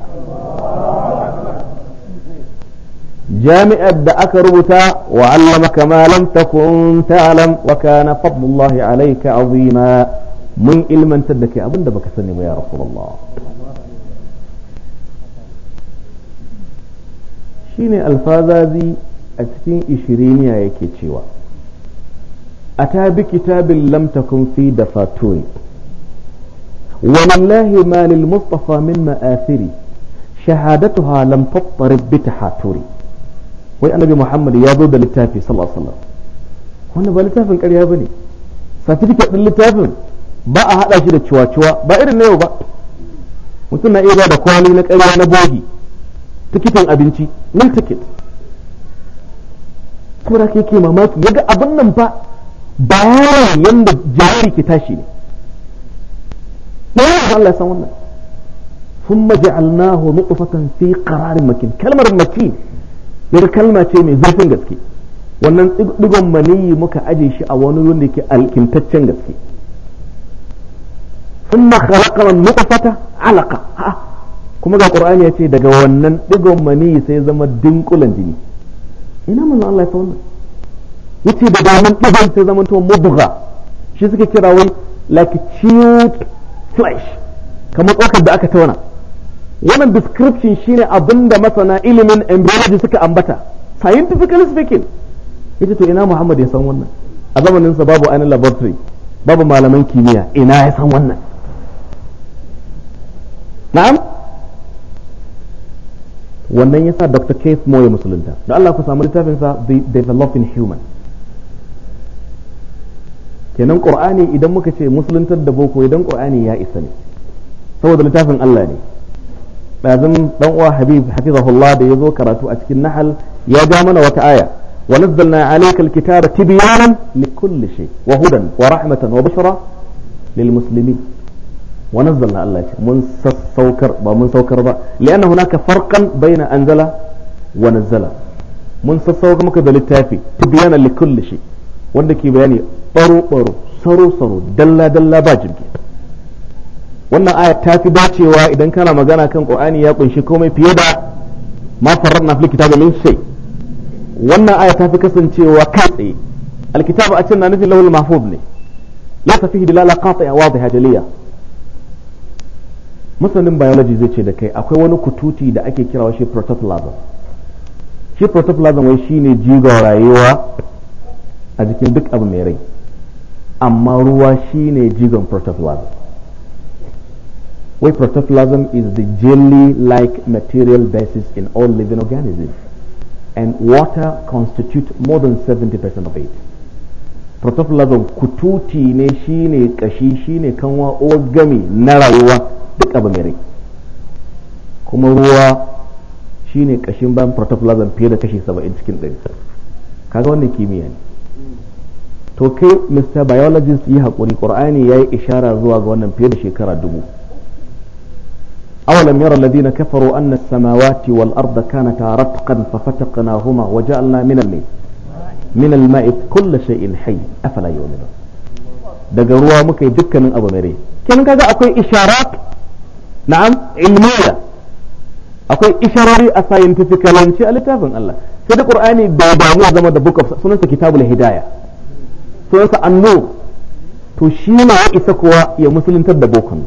jami'ar da aka rubuta wa allama kama lam takun ta'lam wa kana mun ilmantar da kai abinda baka sani ba ya rasulullah shine alfazazi a cikin ishiriniya yake cewa a tabi kitabin lam takun fi da fatoni ولله ما للمصطفى من مآثري شهادتها لم تضطرب بتحاتري wai annabi muhammad ya zo da littafi sallallahu alaihi wannan ba littafin ƙarya bane certificate din littafin ba a hada shi da ciwa-ciwa ba irin na yau ba mutum na iya ba da kwali na ƙarya na bogi tikitin abinci mil ticket kura ke ke mamaki yaga abin nan fa bayanin yadda jari ke tashi ne na yawan Allah ya san wannan ثم جعلناه نطفة في قرار makin kalmar makin. yar kalma ce mai zurfin gaske wannan digon maniyi muka aje shi a wani wurin da alkintaccen gaske thumma khalaqa an-nutfata kuma ga ya yace daga wannan digon maniyi sai zama dinkulan jini ina manzo Allah ya wannan yace daga wannan digon sai zama to mudgha shi suke kira wai like chewed flesh kamar tsokar da aka tauna wannan description shine abinda masana ilimin embryology suka ambata scientifically speaking yace to ina Muhammad ya san wannan a zamanin sa babu ainihin laboratory babu malaman kimiyya ina ya san wannan na'am wannan yasa Dr. Keith Moore musulunta da Allah ku samu littafin sa The Developing Human kenan Qur'ani idan muka ce musuluntar da boko idan Qur'ani ya isa ne saboda littafin Allah ne ɗazin dan uwa habib hafizahullah da ya zo karatu a cikin nahal ya ja mana wata aya wa nazzalna alaykal kitaba tibyanan likulli shay wa hudan wa rahmatan wa bushra lil muslimin wa nazzalna Allah ce mun sassaukar ba mun saukar ba li'anna hunaka farqan bayna anzala wa nazzala mun sassauka maka da littafi tibyanan likulli shay wanda ke bayani baro baro saro saro dalla dalla ba jirgi wannan ayat ta fi dacewa idan kana magana kan qur'ani ya kunshi komai fiye da ma farradna fil kitabi min shay wannan ayat ta fi kasancewa kai tsaye alkitabu a can na nufin lahul mahfuz ne la ta fihi dilala qati'a wadiha jaliya masanin biology zai ce da kai akwai wani kututi da ake kira shi protoplasm shi protoplasm wai shine jigon rayuwa a jikin duk abu mai rai amma ruwa shine jigon protoplasm where protoplasm is the jelly-like material basis in all living organisms. And water constitutes more than 70% of it. Protoplasm kututi ne shi ne shine shi ne kanwa gami na rayuwa duk abu mere. Kuma ruwa shi ne ban protoplasm fiye da kashi 70 cikin ɗari. Kaga wannan kimiyya ne. To kai Mr. Biologist yi haƙuri, ƙur'ani ya yi ishara zuwa ga wannan fiye da shekara dubu. أولم يرى الذين كفروا أن السماوات والأرض كانتا رتقا ففتقناهما وجعلنا من الماء من الماء كل شيء حي أفلا يؤمنون دقروا مكي دكا من أبو مري كان كذا أكو إشارات نعم علمية أكو إشارات أساينتفك لنشي ألتافن الله سيد القرآن بابامو زمان دا بوك سنة كتاب الهداية سنة النور تشيما إسكوا يا مسلم تبدا بوكم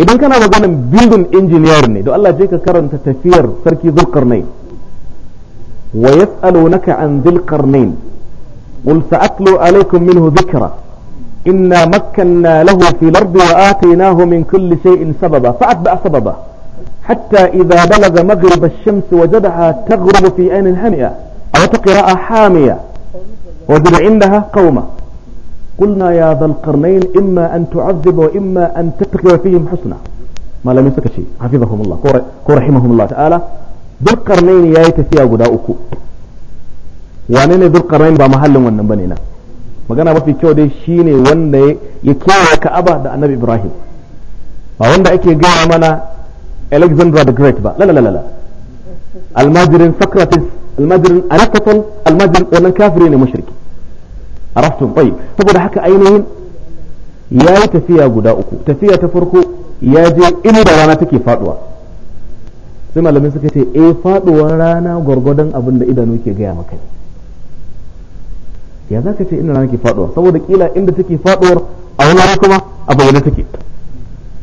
idan kana maganin building injiniyar ne don Allah je ka karanta tafiyar sarki zulkarnain wa yas'alunaka an zulkarnain قل سأتلو عليكم منه ذكرا إنا مكنا له في الأرض وآتيناه من كل شيء سببا فأتبع سببا حتى إذا بلغ مغرب الشمس وجدها تغرب في عين هامئة أو قراءة حامية وزرعنها قومة قلنا يا ذا القرنين إما أن تعذب وإما أن تتقي فيهم حسنا ما لم يسك شيء حفظهم الله ورحمهم الله تعالى ذو القرنين يا يتفيا غدا أكو وانين ذو القرنين بمحل ونبنينا magana mafi kyau dai shine wanda ya kiyaye Ka'aba da Annabi Ibrahim ba wanda ake gaya mana Alexander the Great ba la la la la almajirin Socrates almajirin Anatole almajirin wannan kafiri ne mushriki araftun bai saboda haka ainihin ya yi tafiya guda uku tafiya ta farko ya je inda rana take faduwa sai malamin suka ce eh faduwar rana gwargwadon abin da idanu ke gaya maka ya za ka ce inda rana ke faduwa saboda kila inda take faduwar a wani kuma a bayyana take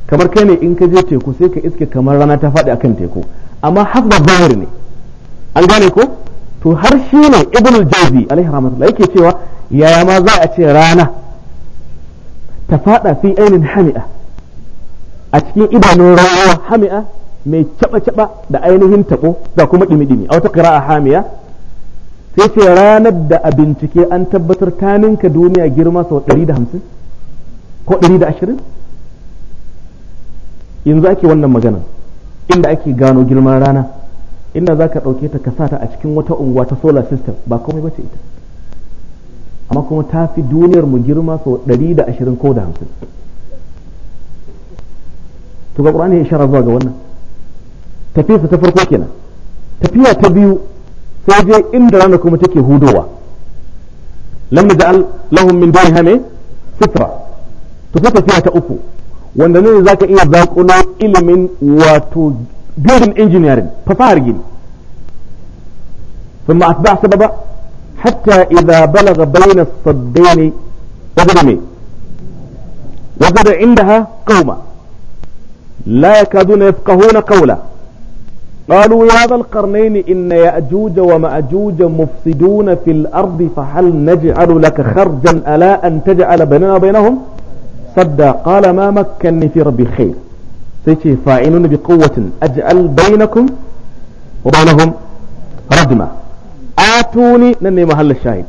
kamar kai ne in ka je teku sai ka iske kamar rana ta faɗi akan teku amma hasba zahiri ne an gane ko to har shi ne ibnul jazi alaihi rahmatullah yake cewa yaya ma za a ce rana ta fada fi ainin hami'a a cikin idanun rawa hami'a mai caba-caba da ainihin tabo da kuma dimi-dimi a wata kira hamiya sai ce ranar da a bincike an tabbatar ta ninka duniya girma sau 150 ko 120 yanzu ake wannan magana inda ake gano girman rana inda za ka ɗauke ta kasata a cikin wata unguwa ta solar system ba komai ce ita amma kuma ta fi duniyar mu girma sau ashirin ko da hamsin, to ga qur'ani ya ishara zuwa ga wannan tafiyarsa ta farko kenan tafiya ta biyu sai je inda rana kuma take hudowa lam naj'al lahum min duniha ne sitra to sai tafiya ta uku wanda ne zaka iya zakulo ilimin wato building engineering fasahar gini ثم أتبع sababa. حتى إذا بلغ بين الصدين وجد وجد عندها قوما لا يكادون يفقهون قولا قالوا يا ذا القرنين إن يأجوج ومأجوج مفسدون في الأرض فهل نجعل لك خرجا ألا أن تجعل بيننا وبينهم صدى قال ما مكني في ربي خير سيتي فاعلون بقوة أجعل بينكم وبينهم ردمة atuni nan ne mahallar shahid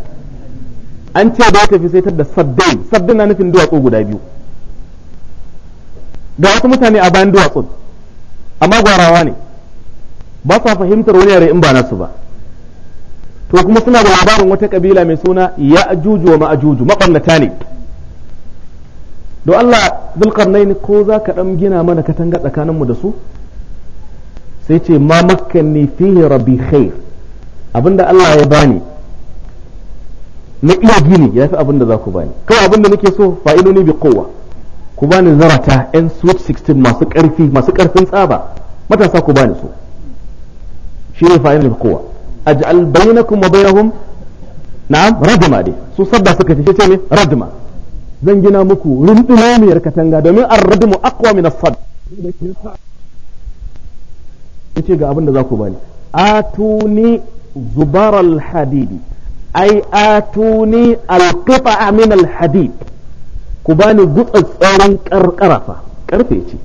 an ce ba tafi sai da sabbin sabbin na nufin duwatsu guda biyu da wasu mutane a bayan duwatsun amma gwarawa ne ba sa fahimtar wani yare in ba nasu ba to kuma suna da labarin wata kabila mai suna ya ajuju wa ma'ajuju maɓannata ne don Allah zulkarnaini ko za ka ɗan gina mana katanga tsakaninmu da su sai ce ma makkanni fihi rabbi khair abinda Allah ya bani na iya gini ya fi abinda za ku bani kawai abinda nake so fa'iloni bi kowa ku bani zarata yan sweet 16 masu ƙarfi masu ƙarfin tsaba matasa ku bani so, shi ne fa'iloni bi kowa aj'al bainakum wa bainahum na'am radma dai su sabba suka fice ce ne radma zan gina muku rundunamiyar katanga domin ar-radmu aqwa min as-sad yace ga abinda za ku bani atuni zubaral al-hadidi ai atuni al-qita'a min al-hadid ku bani gutsatsarin karkarafa karfe ce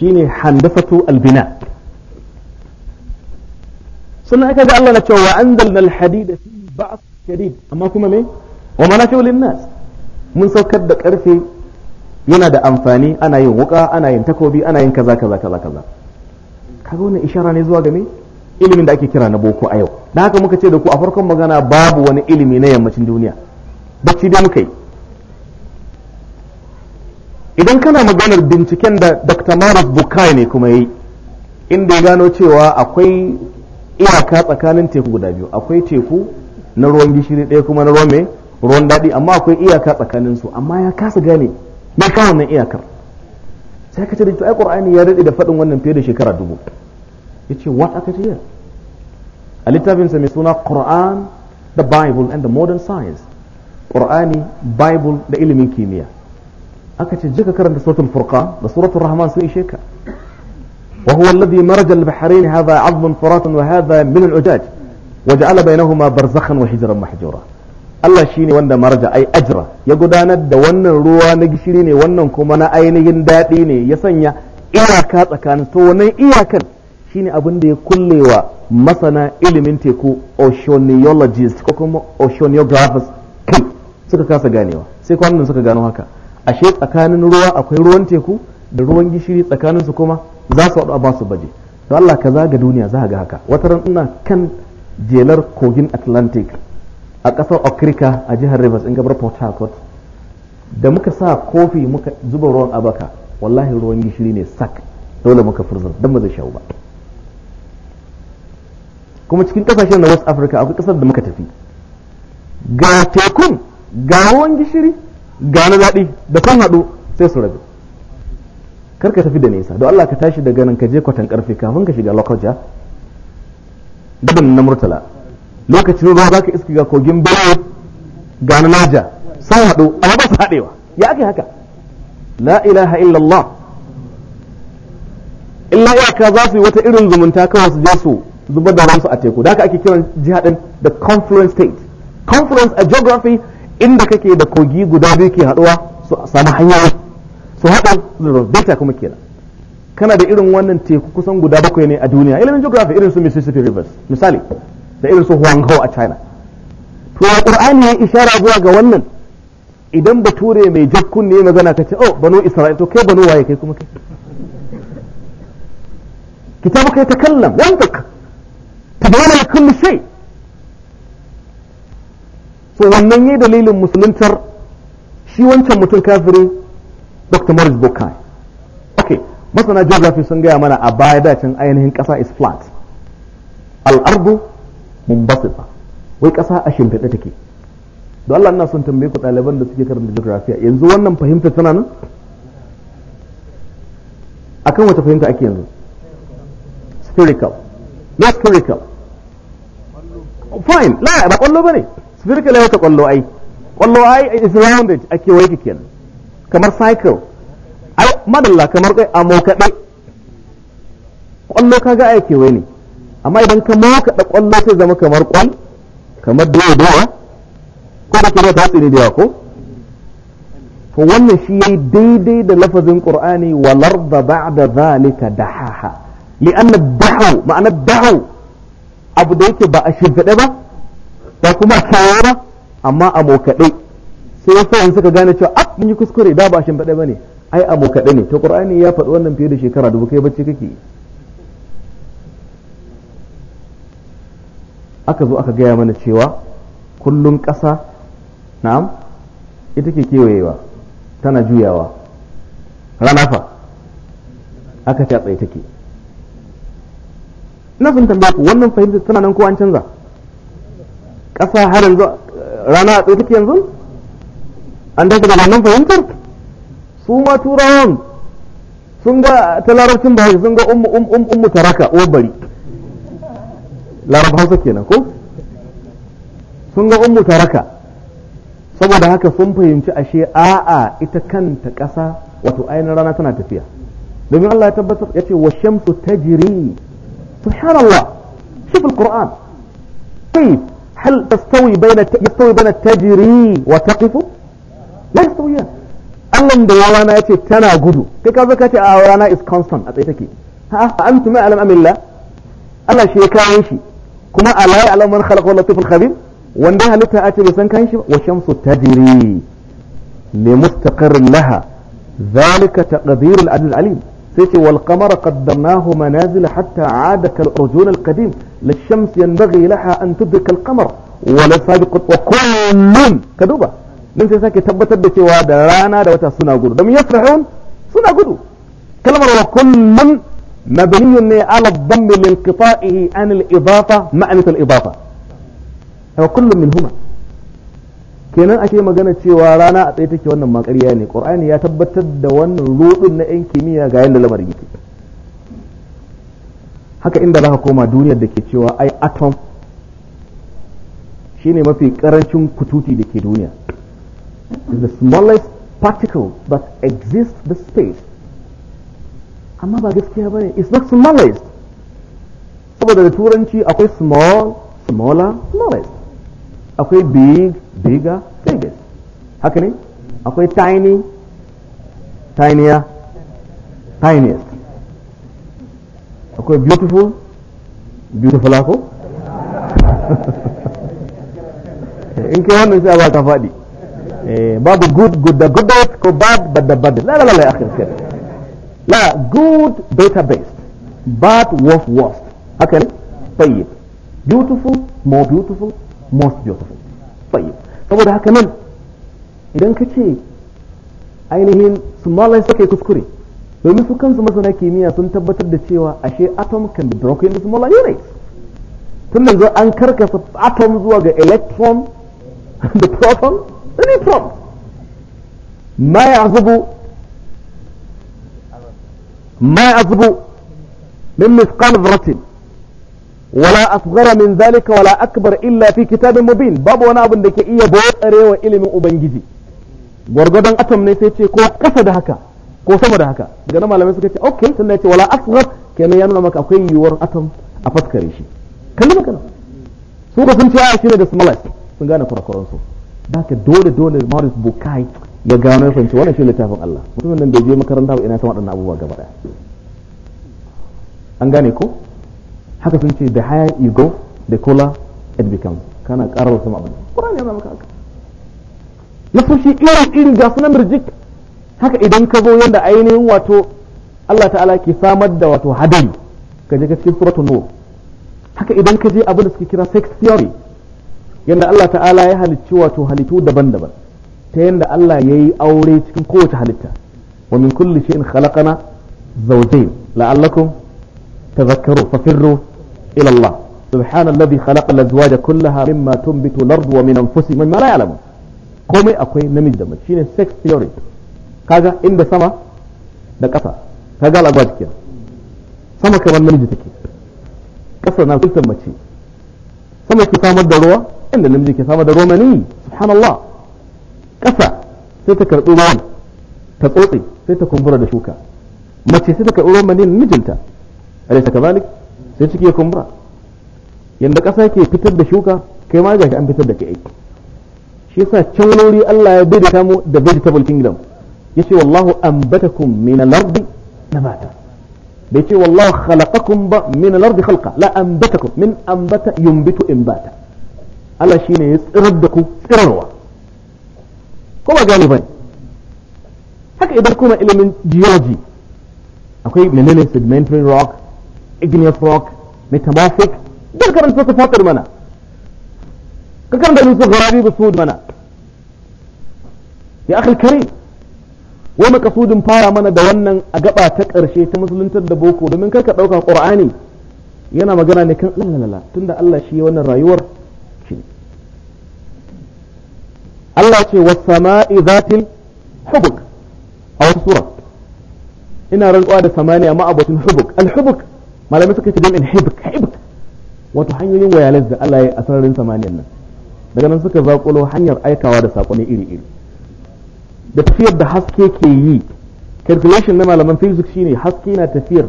shine handasatu albina sannan aka ga Allah na cewa wa anzalna alhadida fi ba'th shadid amma kuma me wa manafi'u nas? mun saukar da karfe yana da amfani ana yin wuka ana yin takobi ana yin kaza kaza kaza kaza kaga wannan ishara ne zuwa ga me ilimin da ake kira na boko a yau da haka muka ce da ku a farkon magana babu wani ilimi na yammacin duniya bacci dai muka yi idan kana maganar binciken da dr maruf bukai ne kuma yi inda ya gano cewa akwai iyaka tsakanin teku guda biyu akwai teku na ruwan gishiri ɗaya kuma na ruwan ruwan daɗi amma akwai iyaka tsakanin su amma ya kasa gane me kawo wannan iyakar sai ka ce da ai qur'ani ya daɗe da faɗin wannan fiye da shekara dubu ya ce what aka ce a littafinsa mai suna qur'an the bible and the modern science qur'ani bible da ilimin kimiyya aka ce ka karanta suratul furqa da suratul rahman sun ishe ka wa huwa alladhi maraja al-bahrayn hadha 'azbun furatun wa hadha min al-ujaj wa ja'ala bainahuma barzakhan wa hijran mahjura Allah shine wanda maraja ai ajra ya gudanar da wannan ruwa na gishiri ne wannan kuma na ainihin daɗi ne ya sanya iyaka tsakanin to wannan iyakan shine abin da ya kullewa masana ilimin teku oceanologists ko kuma oceanographers kai suka kasa ganewa sai kwanan suka gano haka ashe tsakanin ruwa akwai ruwan teku da ruwan gishiri tsakanin su kuma za su haɗu a basu baje to Allah ka zaga duniya za ga haka wata ran ina kan jelar kogin Atlantic a ƙasar afrika a jihar Rivers in gabar Port Harcourt da muka sa kofi muka zuba ruwan abaka wallahi ruwan gishiri ne sak dole muka furzar don ba zai shawo ba kuma cikin kasashen na West Africa akwai ƙasar da muka tafi ga tekun ga ruwan gishiri gane daɗi da san haɗu sai su rabu kar ka tafi da nisa don Allah ka tashi daga nan ka je kwatan karfe kafin ka shiga lokaja dabin na murtala lokacin ruwa za ka iska ga kogin bayo gane naja sun haɗu amma ba su haɗewa ya ake haka la ilaha illallah illa iyaka za su yi wata irin zumunta kawai su je su zubar da ransu a teku da aka ake kiran jihadin the confluence state confluence a geography inda kake da kogi guda biyu ke haɗuwa su samu hanyoyi su haɗa zurubita kuma kenan kana da irin wannan teku kusan guda bakwai ne a duniya ilimin geography irin su mississippi rivers misali da irin su huangho a china to qur'ani ya ishara zuwa ga wannan idan bature mai jakkun ne magana ka ce oh banu isra'il to kai banu waye kai kuma kai kitabu kai ta takallam yanzuk tabayyana kullu shay so wannan yi dalilin musuluntar shi wancan mutum kafiri dr morris bokai okay masana geography sun gaya mana a baya dacin ainihin ƙasa is flat al'ardu mumbasifa wai ƙasa a shimfiɗe take don Allah ina son tambaye ku ɗaliban da suke karanta geography yanzu wannan fahimta tana nan akan wata fahimta ake yanzu spherical not spherical fine la ba kwallo ba ne. spiritual ya ka kwallo ai kwallo ai is rounded a kewaye ki kenan kamar cycle ai madalla kamar kai a mokaɗe kwallo kaga ai kewaye ne amma idan ka mokaɗa kwallo sai zama kamar kwal kamar doya doya ko da kira ta tsini da ko to wannan shi yayi daidai da lafazin qur'ani walar da ba'da zalika dahaha li'anna dahu ma'ana dahu abu da yake ba a shimfiɗe ba ba kuma kawo ba amma a mokaɗe sai ya kawai suka gane cewa ah mun yi kuskure da ba shin faɗe ba ne ai a mokaɗe ne ta ƙur'ani ya faɗi wannan fiye da shekara dubu kai bacci kake aka zo aka gaya mana cewa kullum ƙasa na'am ita ke kewayewa tana juyawa rana fa aka ta a tsaye take na sun tambaya ku wannan fahimtar tana nan ko an canza ƙasa har yanzu rana a take yanzu an dace da wannan fahimtar su ma turawan sun ga ta larabcin ba sun ga ummu um, um ummu taraka uwar bari larab hausa kenan ko sun ga ummu taraka saboda haka sun fahimci ashe a'a ita kanta ƙasa wato ainihin rana tana tafiya domin Allah ya tabbatar ya ce wa shamsu tajri subhanallah wa alquran kayf هل تستوي بين يستوي بين تجري وتقف لا يستويان Allah da rana ya ce tana gudu kai ka ce a rana is constant a tsaye take ha fa antum alam amilla Allah shi ya kawo shi kuma ala ya alam man khalaqa latiful khabir wanda halitta a ce bai san kan shi wa shamsu tajri li mustaqarrin zalika taqdirul adil سيتي والقمر قدرناه منازل حتى عاد كالأرجون القديم للشمس ينبغي لها أن تدرك القمر ولا سابق وكل كدوبة من ساكي تبتد سوى درانا دوتا سنة قدو دم يفرحون سنة قدو كلمة وكل مبني على الضم لانقطائه عن الإضافة معنى الإضافة وكل منهما kenan ake magana cewa rana a tsaye take wannan makariya ne qur'ani ya tabbatar da wannan rubin na yan kimiyya ga yanda lamarin yake haka inda zaka koma duniyar da ke cewa ai atom shine mafi karancin kututi da ke duniya the smallest particle that exists the space amma ba gaskiya bane it's not smallest saboda da turanci akwai small smaller smallest akwai big bigger biggest haka ne akwai tiny tinier tiniest akwai beautiful beautiful ako in kai wannan sai ba ka faɗi eh, babu good good the goodest ko bad but the bad la la la la akhir la good better best bad worst worst haka ne tayyib beautiful more beautiful most Joseph طيب saboda haka nan idan ka ce ainihin su malai suka yi kuskure domin su kansu masana kimiyya sun tabbatar da cewa ashe atom can be broken into smaller units tun da an karkasa atom zuwa ga electron da proton da neutron ma ya zubu ma ya zubu min misqal zratin wala asghara min zalika wala akbar illa fi kitabin mubin babu wani abin da ke iya botsarewa ilimin ubangiji gwargwadon atom ne sai ce ko kasa da haka ko sama da haka daga nan malamai suka ce okay. sannan ce wala asghar kenan ya nuna maka akwai yiwuwar atom a faskare shi kalli maka su ka sun ce ai shine da smallest sun gane kurakuran su Daka dole dole Maurice Bukai ya gano ya fahimci wannan shi littafin Allah mutumin nan bai je makaranta ba ina ta waɗannan abubuwa gaba ɗaya an gane ko haka sun ce the higher you go the cooler it becomes kana karar sama abin Qur'ani yana maka haka fushi iri iri ga sunan birjik haka idan ka zo yadda ainihin wato Allah ta'ala ke samar da wato hadari ka je cikin suratul nur haka idan ka je abin da suke kira sex theory yadda Allah ta'ala ya halicci wato halittu daban-daban ta yadda Allah ya yi aure cikin kowace halitta wa min kulli shay'in khalaqana zawjayn la'allakum tadhakkaru fafirro. إلى الله سبحان الذي خلق الأزواج كلها مما تنبت الأرض ومن أنفسهم مما لا يعلمون كومي أكوي نمج دم شين السكس تيوري كاجا إن بسما دكاسا كاجا الأزواج كيا سما كمان نمج تكي كاسا نا كل تم بشي سما كسامة دروة إن نمج كسامة دروة مني سبحان الله كاسا ستكر أمان تقوطي ستكون برد شوكا ماشي ستكر أمان مني نمجلتا أليس كذلك؟ sai suke kumbura yanda ƙasa ke fitar da shuka kai ma gashi an fitar da kai shi yasa can wuri Allah ya bai da mu da vegetable kingdom yace wallahu anbatakum min al ard nabata bai ce wallahu khalaqakum ba min al ard khalqa la anbatakum min anbata yunbitu inbata Allah shine ya tsirar da ku tsirarwa ko ba gani bane haka idan kuma ilimin geology akwai menene sedimentary rock igneous rock metamorphic duk karanta su fatar mana ka karanta yusuf garabi ba su mana ya akhil karim wai makasudin fara mana da wannan a gaba ta ƙarshe ta musuluntar da boko domin kar ka ɗauka ƙur'ani yana magana ne kan lalala tunda Allah shi wannan rayuwar shi Allah ce was sama'i zatil hubuk a wata sura ina rantsuwa da samaniya ma'abatin hubuk al hubuk malamai suka ce jami'in hibk hibk wato hanyoyin wayales da Allah ya a sararin samaniyar nan daga nan suka zaƙulo hanyar aikawa da sakonni iri-iri da tafiyar da haske ke yi calculation na malaman physics shine haske na tafiyar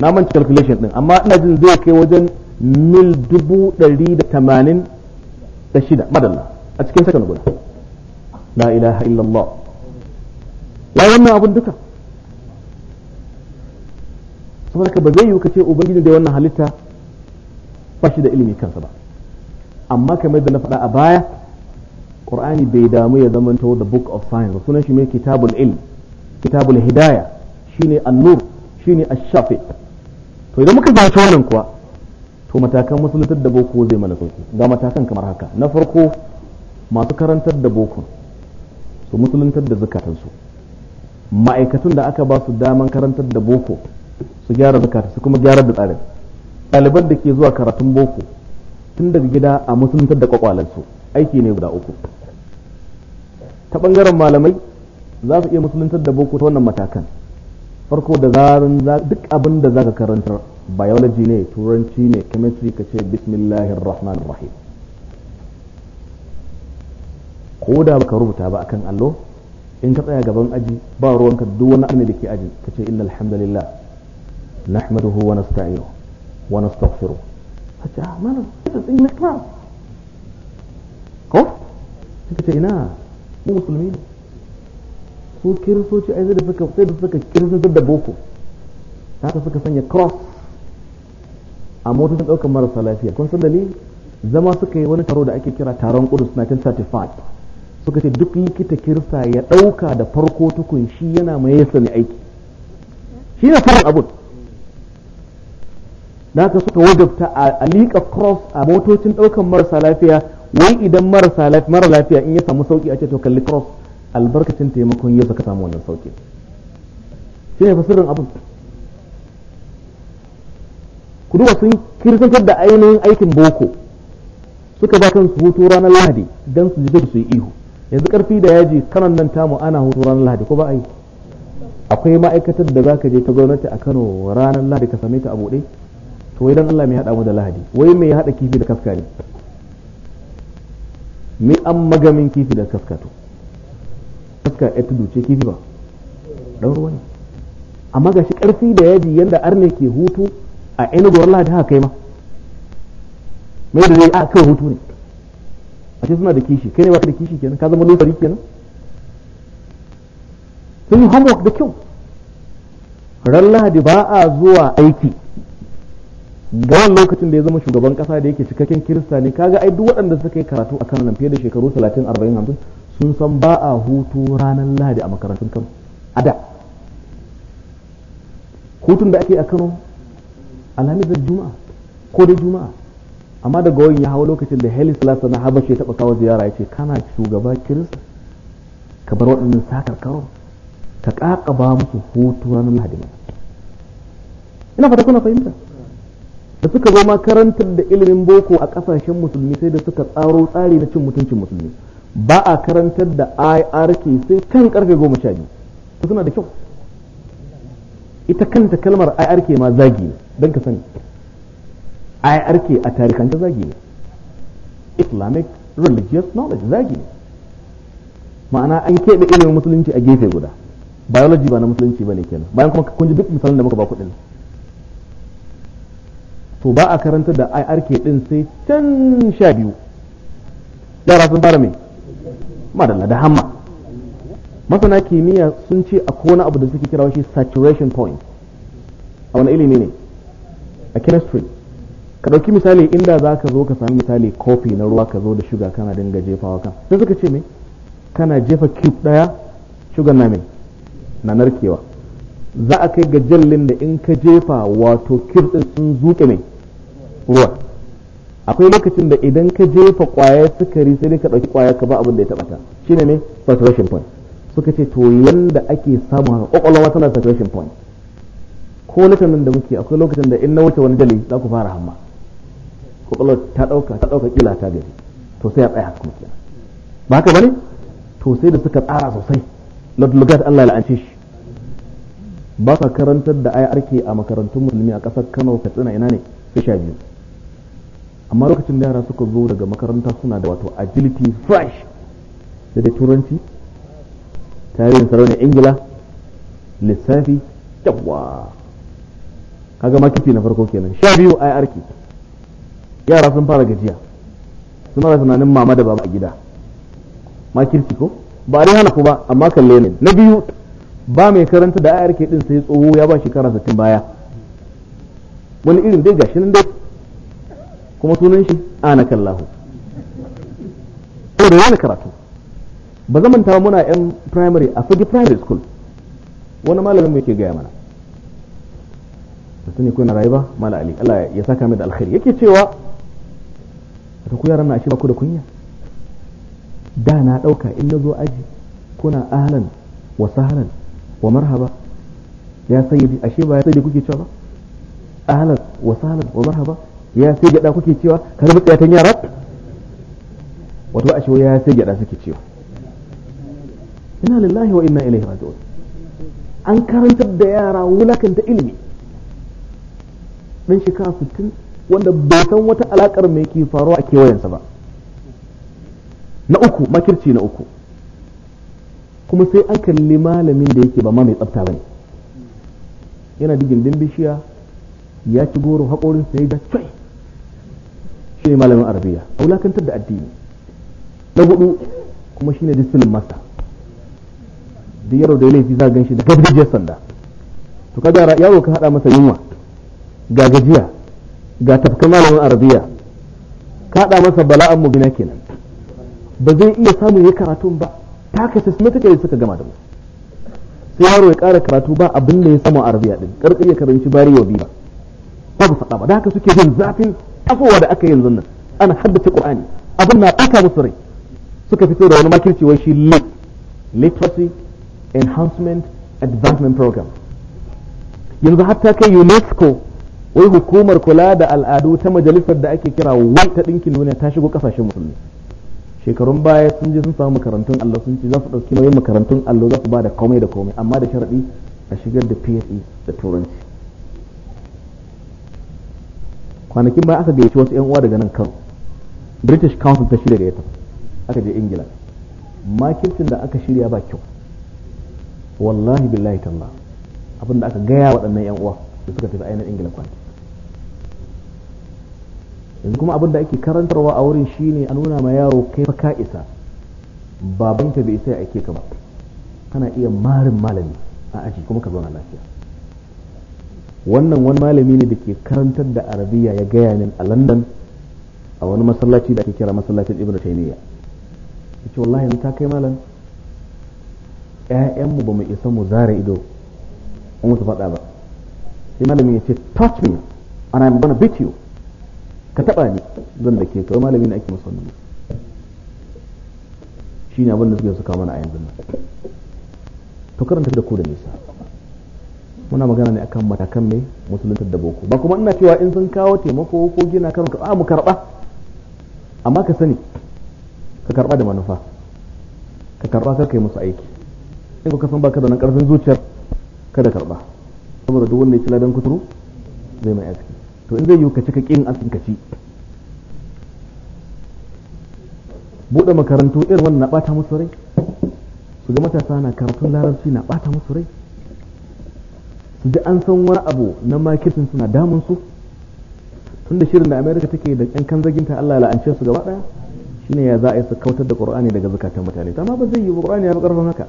na manci calculation din amma ina jin zai kai wajen mil dubu ɗari da tamanin da shida madalla a cikin sakan guda la ilaha illallah ya wannan abun duka saboda ka ba zai yiwu ka ce ubangiji da wannan halitta ba shi da ilimi kansa ba amma kamar da na faɗa a baya qur'ani bai damu ya zamanto the book of science sunan shi mai kitabul ilm kitabul hidaya shine an-nur shine ash-shafi to idan muka fahimci wannan kuwa to matakan musuluntar da boko zai mana sauki ga matakan kamar haka na farko masu karantar da boko su musuluntar da zukatansu ma'aikatan da aka ba su daman karantar da boko su gyara zakata su kuma gyara da tsarin ɗaliban da ke zuwa karatun boko tun daga gida a musuntar da kwakwalansu aiki ne guda uku ta ɓangaren malamai za su iya musuluntar da boko ta wannan matakan farko da zarin duk abin da za ka karanta biology ne turanci ne chemistry ka ce bismillahir rahmanir rahim ko da baka rubuta ba akan allo in ka tsaya gaban aji ba ruwanka duk wani abin da ke aji ka ce illa alhamdulillah نحمده ونستعينه ونستغفره فجاء مالا in the class ko suka ce ina mu musulmi ne su kiristoci ai da suka sai da suka kiristantar da boko ta ka suka sanya cross a motocin ɗaukar marasa lafiya kun san dalili zama suka yi wani taro da ake kira taron kudus 1935 suka ce duk likita kirista ya ɗauka da farko tukun shi yana mai yasa ne aiki shi na farin abun naka suka wajabta a liƙa cross a motocin ɗaukan marasa lafiya wai idan marasa mara lafiya in ya samu sauki a ce to kalli cross albarkacin taimakon ya ka samu wannan sauki shi ne fasirin abin ku duba sun kirkantar da ainihin aikin boko suka ba kansu hutu ranar lahadi don su ji su yi ihu yanzu karfi da yaji kanan nan tamu ana hutu ranar lahadi ko ba a yi akwai ma'aikatar da za ka je ta gwamnati a kano ranar lahadi ka same ta a buɗe to wai dan Allah mai hada mu da lahadi wai mai hada kifi da kaska ne me an magamin kifi da kaska to kaska ya tudu ce kifi ba dan ruwa ne amma gashi karfi da yaji yanda arne ke hutu a enugu wallahi da haka kai ma Mai da zai a kai hutu ne a ce suna da kishi kai ne ba da kishi kenan ka zama losari kenan sun yi homework da kyau ran lahadi ba a zuwa aiki ga wani lokacin da ya zama shugaban kasa da yake cikakken kirista ne kaga ai duk waɗanda suka yi karatu a kan nan fiye da shekaru 30 40 sun san ba a hutu ranar lahadi a makarantun kano a da hutun da ake a kano alhamis da juma'a ko da juma'a amma daga wani ya hawa lokacin da helis lasa na habashi ya taɓa kawo ziyara ya ce kana shugaba kirista ka bar waɗannan sakar karo ka ƙaƙaba musu hutu ranar lahadi ina fata kuna fahimta da suka zo makarantar da ilimin boko a kasashen musulmi sai da suka tsaro tsari na cin mutuncin musulmi ba a karantar da IRK sai kan karfe goma sha biyu suna da kyau ita kanta kalmar IRK ma zagi ne don ka sani IRK a tarikanta zagi ne Islamic Religious Knowledge zagi ne ma'ana an keɓe ilimin musulunci a gefe guda biology ba na musulunci ba ne kenan bayan kuma kun ji duk misalin da muka ba kuɗin to ba a karanta da IRK din sai can sha biyu yara sun fara mai madalla da hamma masana kimiyya sun ce a kowane abu da suke kira shi saturation point a wani ilimi ne a chemistry ka ɗauki misali inda za ka zo ka sami misali kofi na ruwa ka zo da shuga kana dinga jefawa kan sai suka ce me kana jefa cube ɗaya shugan na mai na narkewa za a kai ga jallin da in ka jefa wato kirɗin sun zuke mai ruwa akwai lokacin da idan ka jefa ƙwayar sukari sai dai ka ɗauki kwaya ka ba abin da ya taɓa ta shine ne saturation point suka ce to yanda ake samu haka ƙwaƙwalwa tana saturation point ko lokacin da muke akwai lokacin da in na wuce wani jali za ku fara hamma ƙwaƙwalwa ta ɗauka ta ɗauka ƙila ta gari to sai a tsaya kuma kenan ba haka bane to sai da suka tsara sosai ladlugat Allah ya la'ance shi ba sa karantar da ke a makarantun musulmi a ƙasar Kano Katsina ina ne sai sha biyu amma lokacin da yara suka zo daga makaranta suna da wato agility fresh da dai turanci tarihin sarauni ingila lissafi yawwa kaga makifi na farko kenan sha biyu ke yara sun fara gajiya sun fara tunanin mama da baba a gida makirci ko ba dai hana ku ba amma kalle ne na biyu ba mai karanta da ARK din sai tsoho ya ba shekara 60 baya wani irin dai gashi nan dai kuma sunan shi ana kallahu saboda yana karatu ba zaman ta muna yan primary a fage primary school wani malamin mu ke gaya mana mutum ne kuna rayuwa mala ali Allah ya saka mai da alkhairi yake cewa ta ku yaran na shi ba ku da kunya da na dauka in na zo aji kuna ahlan wa sahlan wa marhaba ya sayyidi ashe ba ya sayyidi kuke cewa ba ahlan wa sahlan wa marhaba ya sai gyada kuke cewa karbi tsayatan yara wato ashe ya sai gyada suke cewa inna lillahi wa inna ilaihi raji'un an karantar da yara wulakanta ilimi dan shekara 60 wanda bai san wata alakar mai ke faruwa a kewayensa ba na uku makirci na uku kuma sai an kalli malamin da yake ba ma mai tsafta ba ne yana da gindin bishiya ya ci goro haƙorin sai ya cai shi ne malamin arabiya a wulakantar da addini na hudu kuma shine disilin masa da yaro da ya laifi za gan shi da gabgajiyar sanda to ka gara yaro ka haɗa masa yunwa ga gajiya ga tafka malamin arabiya ka hada masa bala'an Bina, kenan ba zai iya samun ya karatun ba haka systematically suka gama da mu sai yaro ya ƙara karatu ba abin da ya samu arabiya din karkar ya karanci bari wa biyu ba ba faɗa ba da haka suke jin zafin tasowa da aka yanzu nan ana haddace qur'ani abin na ɓata musu rai suka fito da wani makirci wai shi lit literacy enhancement advancement program yanzu hatta kai UNESCO wai hukumar kula da al'adu ta majalisar da ake kira wai ta ɗinkin duniya ta shigo ƙasashen musulmi shekarun baya sun je sun samu makarantun allo sun ce za su ɗauki nauyin makarantun allo za su ba da komai da komai amma da sharaɗi a shigar da PSE da turanci kwanakin baya aka gayyaci wasu 'yan uwa daga nan kan British Council ta shirya da ya aka je Ingila makircin da aka shirya ba kyau wallahi billahi talla abinda aka gaya waɗannan 'yan uwa da suka tafi ainihin Ingila kwanaki yanzu kuma abin da ake karantarwa a wurin shi ne a nuna ma yaro kai fa ka isa babanka bai isa ya aike ka ba kana iya marin malami a aji kuma ka zauna lafiya wannan wani malami ne da ke karantar da arabiya ya gaya min a london a wani masallaci da ake kira masallacin ibn taymiya ce wallahi ta kai malam ƴaƴanmu ba mu isa mu zara ido mu su faɗa ba sai malami ya ce touch me and i'm gonna beat you ka taba ni zan da ke kawai malami na ake musulmi shi ne abin da suke suka mana a yanzu nan to karanta da ku da nisa muna magana ne akan matakan mai musuluntar da boko ba kuma ina cewa in sun kawo taimako ko gina kan ka ah, mu karba amma ka sani ka karba da manufa ka karba kar kai musu aiki in ka kasan baka da nan karfin zuciyar kada karba saboda duk wanda ya ci ladan kuturu zai mai aski to in zai yiwu ka cika kin asin ka ci buɗe makarantu irin wannan na bata musu rai su ga matasa na karatun larabci na bata musu rai su ji an san wani abu na makirtin suna damun su tun da shirin da amerika take da yan zaginta allah la'ance su gaba daya shine ya za a yi su kautar da qur'ani daga zakatan mutane amma ba zai yi ba qur'ani ya fi karfin haka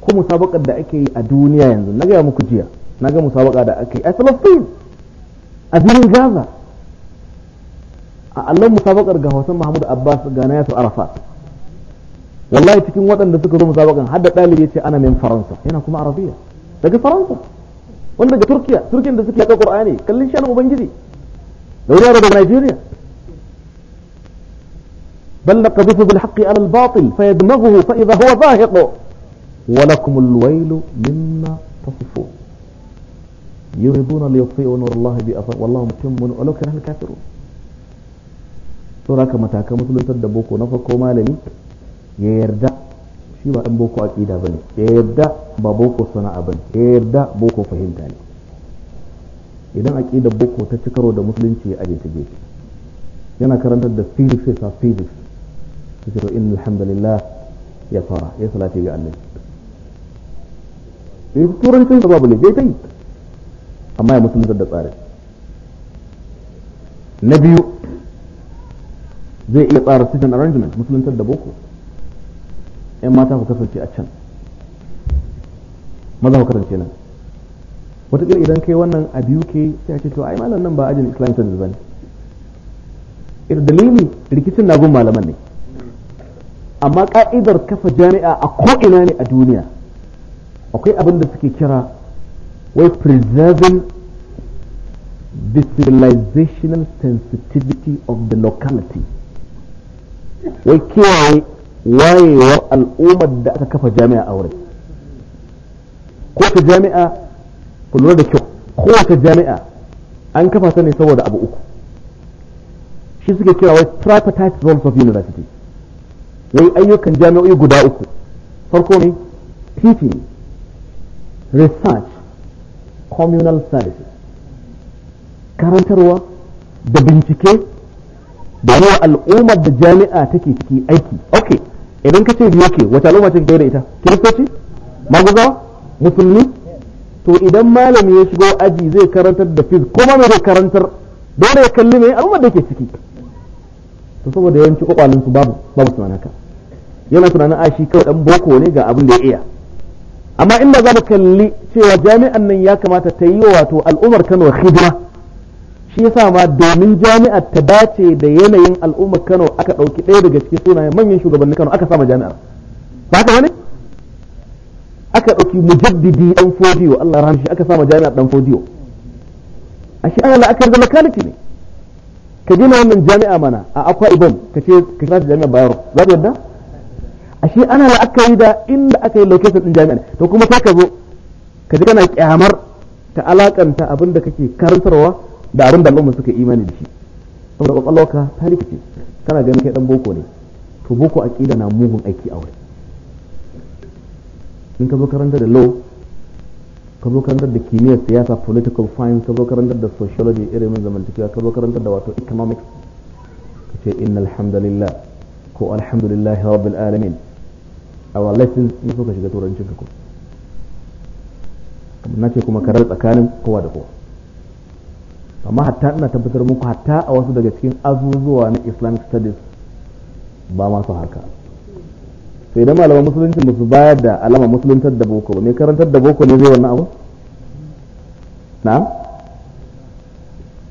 ko musabakar da ake yi a duniya yanzu na gaya muku jiya na ga musabaka da ake yi a falastin أذين غازة الله مسابقة رجعوا سما محمود أباس غنايات وعرفات والله تكلم وقت أن تذكر مسابقة حد قال لي أنا من فرنسا هنا كم عربية تجي فرنسا وأنا تجي تركيا تركيا نذكر كتاب قرآني كل شيء أنا مبنجدي لو جاء ربع نيجيريا بل نقذف بالحق على الباطل فيدمغه فإذا هو ظاهق ولكم الويل مما تصفون yuriduna liyutfi'u nur Allah bi afar wallahu mutimmun walau kana al-kafirun saboda matakan musuluntar da boko na farko malami ya shi ba dan boko aqida bane ya yarda ba sana'a bane ya yarda boko fahimta ne idan aqidar boko ta ci da musulunci ya aje ta gefe yana karantar da physics a physics sai to alhamdulillah ya fara ya salati ga annabi eh turancin babu ne dai kai amma ya musulunta da tsarin na biyu zai iya tsara student arrangement musulunta da boko yan mata ku kasance a can maza ku kasance nan wataƙila idan kai wannan a ke sai a ce to ai malam nan ba ajin islamic studies ba ne ir dalili rikicin na gun malaman ne amma ka'idar kafa jami'a a ko'ina ne a duniya akwai abin da suke kira wai preserving the civilizational sensitivity of the locality wai kiyaye wayewar al'ummar da aka kafa jami'a a wurin ta jami'a ku da kyau kowace jami'a an kafa ta ne saboda abu uku shi suke kira wai tripartite zones of university wai ayyukan jami'o'i guda uku farko ne teaching research communal services karantarwa da bincike da yawa al'ummar da jami'a take ciki aiki ok idan ka ce biyu wata al'umma take da ita kiristoci maguzawa musulmi to idan malami ya shigo aji zai karantar da fiz kuma mai zai karantar dole ya kalli mai al'ummar da ke ciki to saboda yawanci kwakwalin su babu babu tunanin ka yana tunanin a shi kawai dan boko ne ga abin da ya iya amma in ba za mu kalli cewa jami'an nan ya kamata ta yi wato al'ummar Kano hidima shi yasa ma domin jami'ar ta dace da yanayin al'ummar Kano aka ɗauki ɗaya daga cikin sunayen manyan shugabannin Kano aka sama jami'ar ba ka wani aka ɗauki mujaddidi ɗan fodiyo Allah rahmi aka sama jami'ar ɗan fodiyo a shi ana aka da locality ne ka gina wannan jami'a mana a akwa ibom ka ce ka kira jami'ar bayero za ka yadda ashe ana la'akari da inda aka yi location din jami'a to kuma sai ka zo ka ji kana kyamar ta alakanta abin da kake karantarwa da abin da al'umma suka imani da shi saboda ka ta rikice kana ganin kai dan boko ne to boko aqida na mugun aiki a wuri in ka zo karanta da law ka zo karanta da kimiyya siyasa political science ka zo karanta da sociology ilimin zamantakewa ka zo karanta da wato economics ka ce innal hamdalillah ko alhamdulillahi rabbil alamin awa laifin ya so ka shiga turancin ka kuma na ce kuma karar tsakanin kowa da kowa amma hatta ina tabbatar muku hatta a wasu daga cikin azuzuwa na islamic studies ba masu haka sai da malaman musulunci musu bayar da alama musuluntar da boko ba mai karantar da boko ne zai wannan abu na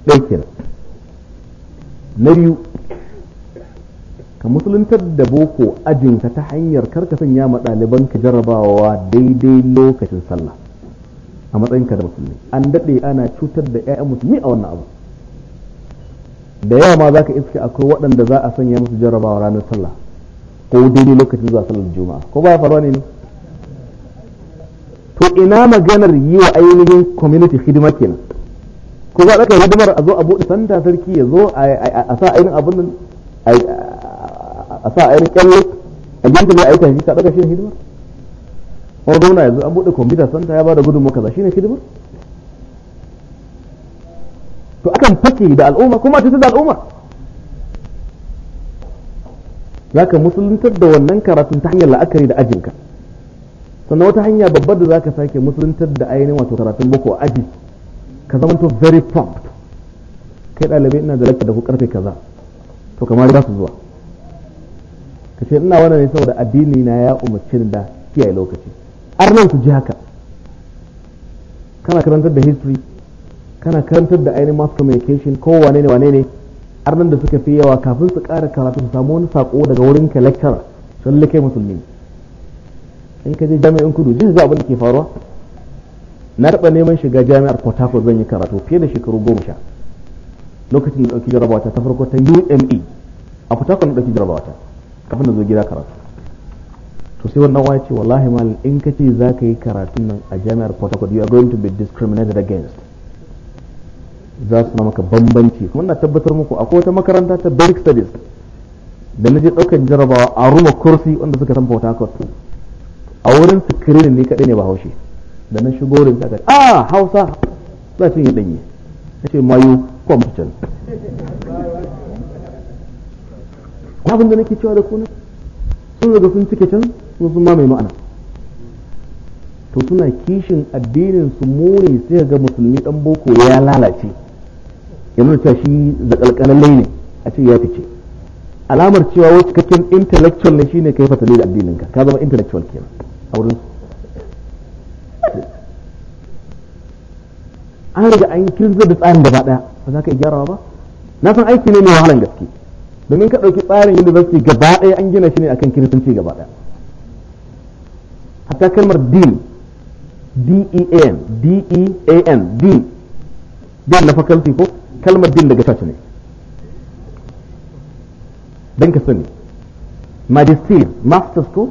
ɗauke na biyu ka musuluntar da boko ajinka ta hanyar karka sanya ma ɗaliban ka jarabawa daidai lokacin sallah a matsayinka da musulmi an daɗe ana cutar da 'ya'yan musulmi a wannan abu da yawa ma za ka iske akwai waɗanda za a sanya musu jarabawa ranar sallah ko daidai lokacin zuwa sallar juma'a ko ba faruwa ne to ina maganar yi wa ainihin community hidima kenan ko za a ɗaga hidimar a zo a buɗe santa sarki ya zo a sa ainihin abin a sa a yi kyalle a ganta mai aikin shi ka daga shi hidimar ko gwamna yanzu an buɗe kwamfuta santa ya bada gudunmu kaza shi ne hidimar to akan fake da al'umma kuma a da al'umma za ka musuluntar da wannan karatun ta hanyar la'akari da ajinka sannan wata hanya babbar da za ka sake musuluntar da ainihin wato karatun boko a aji ka zama to very prompt kai ɗalibai ina da lakta da ku karfe kaza to kamar za su zuwa ka ce ina wannan ne saboda addini na ya umarci da kiyaye lokaci nan su ji haka kana karantar da history kana karantar da ainihin mass communication ko wane ne wane ne arnan da suka fi yawa kafin su ƙara karatu su samu wani sako daga wurin ka lecturer sun lake musulmi in ka je jami'in kudu jin za abin da ke faruwa na taɓa neman shiga jami'ar port zan yi karatu fiye da shekaru goma sha lokacin da ɗauki jarabawa ta farko ta ume a port harcourt na ɗauki jarabawa ta kafin na zo gida karatu to sai wannan waya ce wallahi mal in ka ce za ka yi karatun nan a jami'ar port harcourt you are going to be discriminated against za su na maka bambanci kuma na tabbatar muku akwai wata makaranta ta basic studies da na je ɗaukan jarabawa a ruma kursi wanda suka san port harcourt a wurin sikirin ne kaɗai ne ba haushe da na shigo wurin saka a ah, hausa za su yi ɗanye na ce mayu kwamfutan ko abin da nake cewa da kuna sun riga sun cike can sun sun mai ma'ana to suna kishin addinin su more sai ga musulmi dan boko ya lalace ya nuna cewa shi zakalkalalle ne a ce ya fice alamar cewa wasu cikakken intellectual ne shine kai fatali da addinin ka ka zama intellectual kenan a wurin an riga an kirzo da tsarin da ba daya ba za ka gyarawa ba na san aiki ne mai wahalan gaske domin ka ɗauki tsarin university gaba ɗaya an gina shi ne akan kiristanci gaba ɗaya hatta kalmar din d-e-n d-e-a-n din e din e na faculty ko kalmar din daga church ne don ka sani magister masters ko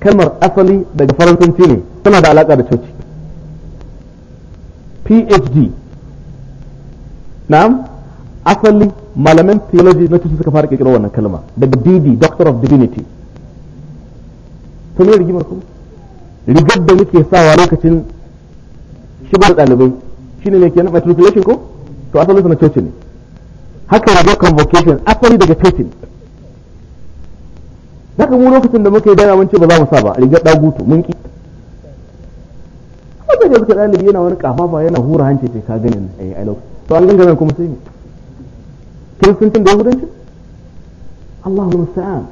kalmar asali daga faransanci ne tana da alaƙa da coci phd na'am asali malamin theology na tushe suka fara kirkiro wannan kalma daga dd doctor of divinity to me rigimar ku rigar da muke sawa lokacin shigar ɗalibai shine ne kenan matriculation ko to asalin na coci ne haka rigar convocation asali daga cocin. ne daga mu lokacin da muka yi dana wance ba za mu sa ba rigar dagutu mun ki wanda da suka dalibi yana wani kafafa yana hura hanci ce ka ganin a eh, yi a lokacin to an nan kuma sai ne kiristancin da yahudanci Allahu musta'an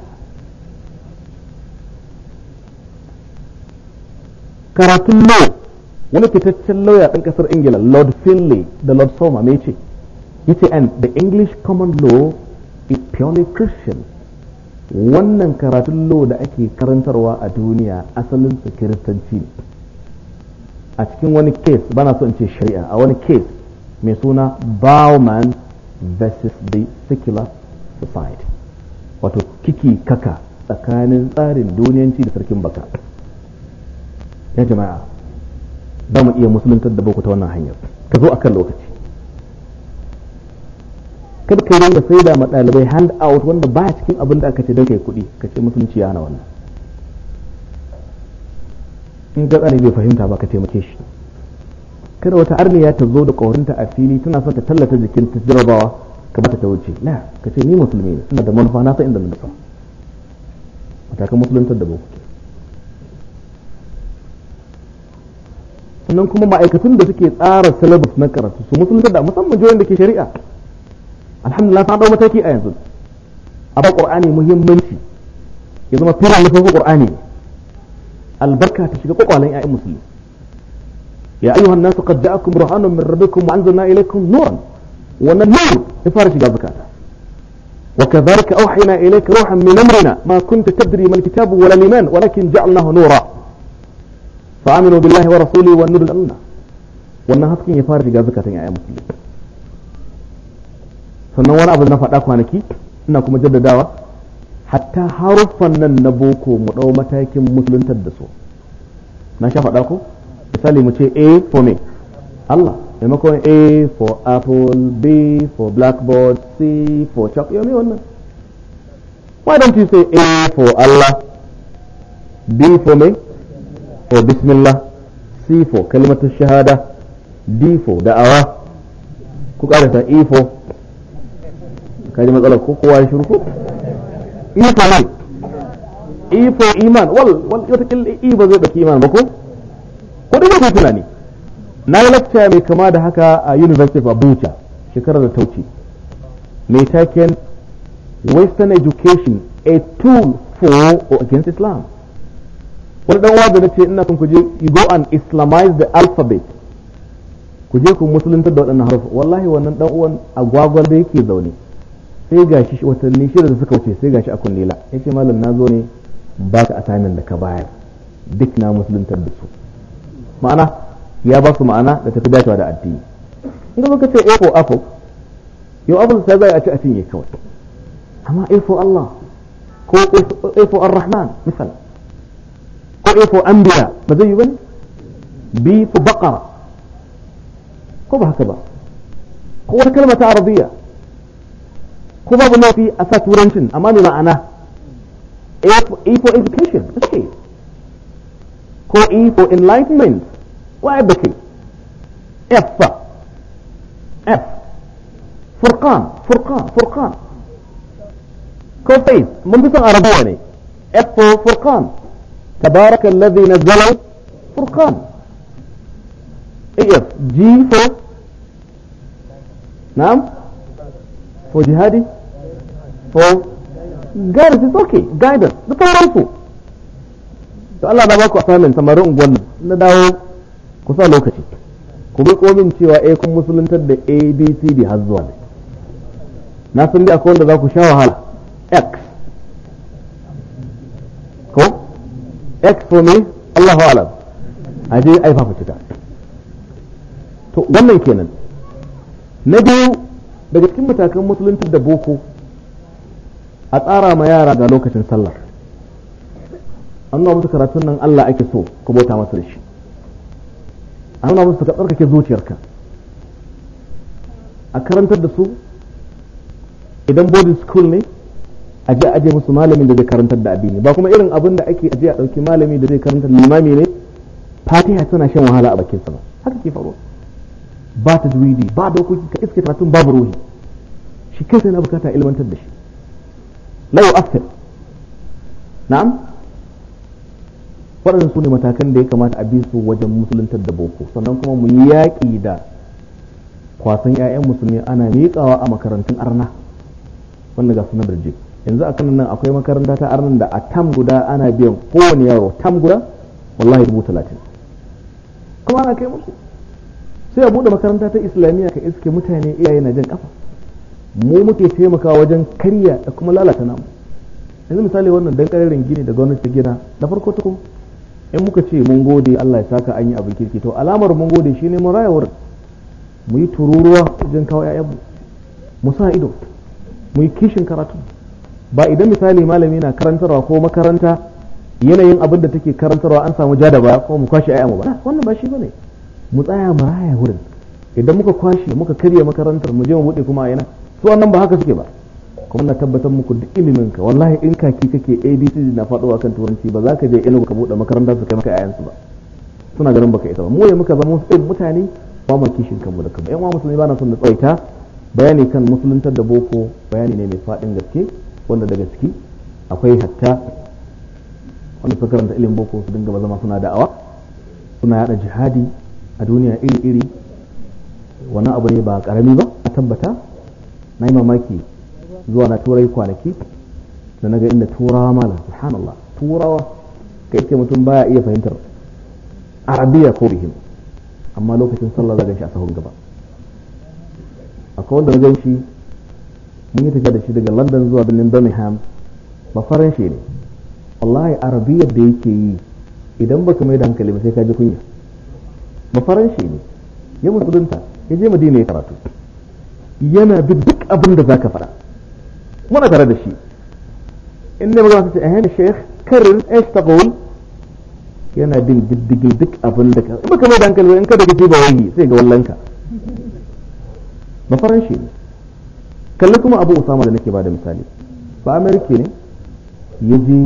karatun law wani fitaccen lauya ɗan ƙasar ingila lord finley da lord soma mai ce ce, and the english common law is purely christian wannan karatun law da ake karantarwa a duniya asalin su kiristanci ne a cikin wani case bana so in ce shari'a a wani case mai suna Bauman versus the secular society wato kiki kaka tsakanin tsarin duniyanci da sarkin baka ya jama'a za mu iya musuluntar da boko ta wannan hanyar ka zo a kan lokaci kada ka da sai da ɗalibai hand out wanda ba cikin abin da aka ce don kai kuɗi ka ce musulunci ya hana wannan in ga tsari bai fahimta ba ka taimake shi kada wata arniya ta zo da ƙaurinta a fili tana son ta tallata jikin ta jarabawa ka bata ta wuce na ka ce ni musulmi ne suna da manufa na san inda na nufa matakan musuluntar da boko sannan kuma ma'aikatun da suke tsara syllabus na karatu su musuluntar da musamman jiyoyin da ke shari'a alhamdulillah sun ɗau mataki a yanzu a ba ƙur'ani muhimmanci ya zama fira nufin ƙur'ani albarka ta shiga ƙwaƙwalen 'ya'yan musulmi يا أيها الناس قد جاءكم برهان من ربكم وأنزلنا إليكم نورا وأن النور يفارش قلبك هذا وكذلك أوحينا إليك روحا من أمرنا ما كنت تدري ما الكتاب ولا الإيمان ولكن جعلناه نورا فآمنوا بالله ورسوله والنور الأمنى وأن هذا كان يفارش قلبك يا أيها المسلمين فنوانا أبدا نفع داكو أنا إنكم جد داوة حتى حرفا النبوكم ومتاكم مسلم تدسوا ما شافت داكو misali mu ce A for me Allah maimakon A for apple B for blackboard C for chalk yau wannan why don't you say A for Allah B for me for bismillah C for kalmatu shahada D for da'awa ku karanta E for kaji matsalar ko kowa ya shiru ko E for me E for iman wal wal wata E ba zai ɗauki iman ba ko ko duk wani tunani na yi lakta mai kama da haka a University of Abuja shekarar da ta wuce mai taken Western Education a tool for or against Islam wani dan wazo ce ina son ku je you go and islamize the alphabet ku je ku musulunta da waɗannan harufa wallahi wannan dan uwan agwagwal da yake zaune sai gashi watanni shida da suka wuce sai gashi a kunnila yace malam na zo ne baka assignment da ka bayar duk na musuluntar da su ma'ana ya ba su ma'ana da tafi dacewa da addini in muka ce eko eh, afo yau abin sai zai a ci a cinye kawai amma eko eh, Allah ko eko eh, ar-rahman misal ko eko anbiya ba zai yi bane bi fu baqara ko ba haka ba ko wata kalma ta arabiya ko babu nafi a sa turancin amma ne ma'ana eko education okay ko كوئي for enlightenment wa وأبكي F F furqan furqan furqan فرقان فرقان فرقان كوفيس منتصر عربياني F for furqan tabarak alladhi nazzala furqan f G for نعم for jihadi for guidance it's okay guidance the powerful to Allah na baku assignment samari unguwan nan na dawo ku sa lokaci ku bi komin cewa eh kun musuluntar da ABCD har zuwa ne na san dai akwai wanda za ku sha wahala X ko X for me Allahu alam a je ai fa cika to wannan kenan na biyu daga cikin matakan musuluntar da boko a tsara ma yara ga lokacin sallar an nuna musu karatun nan Allah ake so ka bauta masa da shi an nuna musu ka tsarkake zuciyarka a karantar da su idan boarding school ne a je aje musu malamin da zai karantar da addini ba kuma irin abin da ake aje a ɗauki malami da zai karantar limami ne fatiha tana shan wahala a bakin sa haka ke faruwa ba ta juwidi ba dokoki ka iske tun babu ruhi shi kai na bukata ilmantar da shi la yu'athir na'am waɗannan su ne matakan da ya kamata a bi su wajen musuluntar da boko sannan kuma mu yi yaƙi da kwasan 'ya'yan musulmi ana miƙawa a makarantun arna wanda ga sunan birji yanzu a kanan nan akwai makaranta ta arnan da a tam guda ana biyan kowane yaro tam guda wallahi dubu talatin kuma ana kai musu sai a buɗe makaranta ta islamiyya ka iske mutane iyaye na jan kafa mu muke taimakawa wajen karya da kuma lalata namu yanzu misali wannan dan gini da gwamnati ta gina na farko ta kuma in muka ce mun gode Allah ya saka an yi abin kirki to alamar mun gode shine mun rayuwar mu yi tururuwa wajen kawo ƴaƴanmu mu sa ido mu yi kishin karatu ba idan misali malami na karantarwa ko makaranta yanayin abin da take karantarwa an samu ja da baya ko mu kwashe ƴaƴanmu ba ah, wannan ba shi bane mu tsaya mu raya wurin idan muka kwashe muka karya makarantar mu je mu bude kuma yana su wannan ba haka suke ba kuma na tabbatar muku duk ilimin ka wallahi in kaki kake abc na faɗo kan turanci ba za ka je inugu ka buɗe makaranta su kai maka su ba suna ganin baka isa ba mu ya muka zama wasu ɗin mutane ba mu kishin kanmu da kanmu Ƴan musulmi ba na son na tsawaita bayani kan musuluntar da boko bayani ne mai faɗin gaske wanda daga ciki akwai hatta wanda suka karanta ilimin boko su dinga zama suna da'awa suna yada jihadi a duniya iri-iri wannan abu ne ba karami ba a tabbata na yi mamaki zuwa na turai kwanaki da na ga inda turawa mala subhanallah turawa ka yake mutum baya iya fahimtar arabiya ko bihim amma lokacin sallah za shi a sahun gaba akwai wanda na ganshi shi mun yi tafiya da shi daga london zuwa birnin birmingham ba faran shi ne wallahi arabiyar da yake yi idan baka mai da hankali ba sai ka ji kunya ba faran shi ne ya musulunta ya je madina ya karatu yana bi duk abin da ka faɗa muna tare da shi in ne magana ta ehem sheikh karin ايش تقول yana bin diddigin duk abin da ka in da hankali in ka da kace ba wai sai ga wallanka ba faran ne kalli kuma abu usama da nake da misali ba amerika ne ya je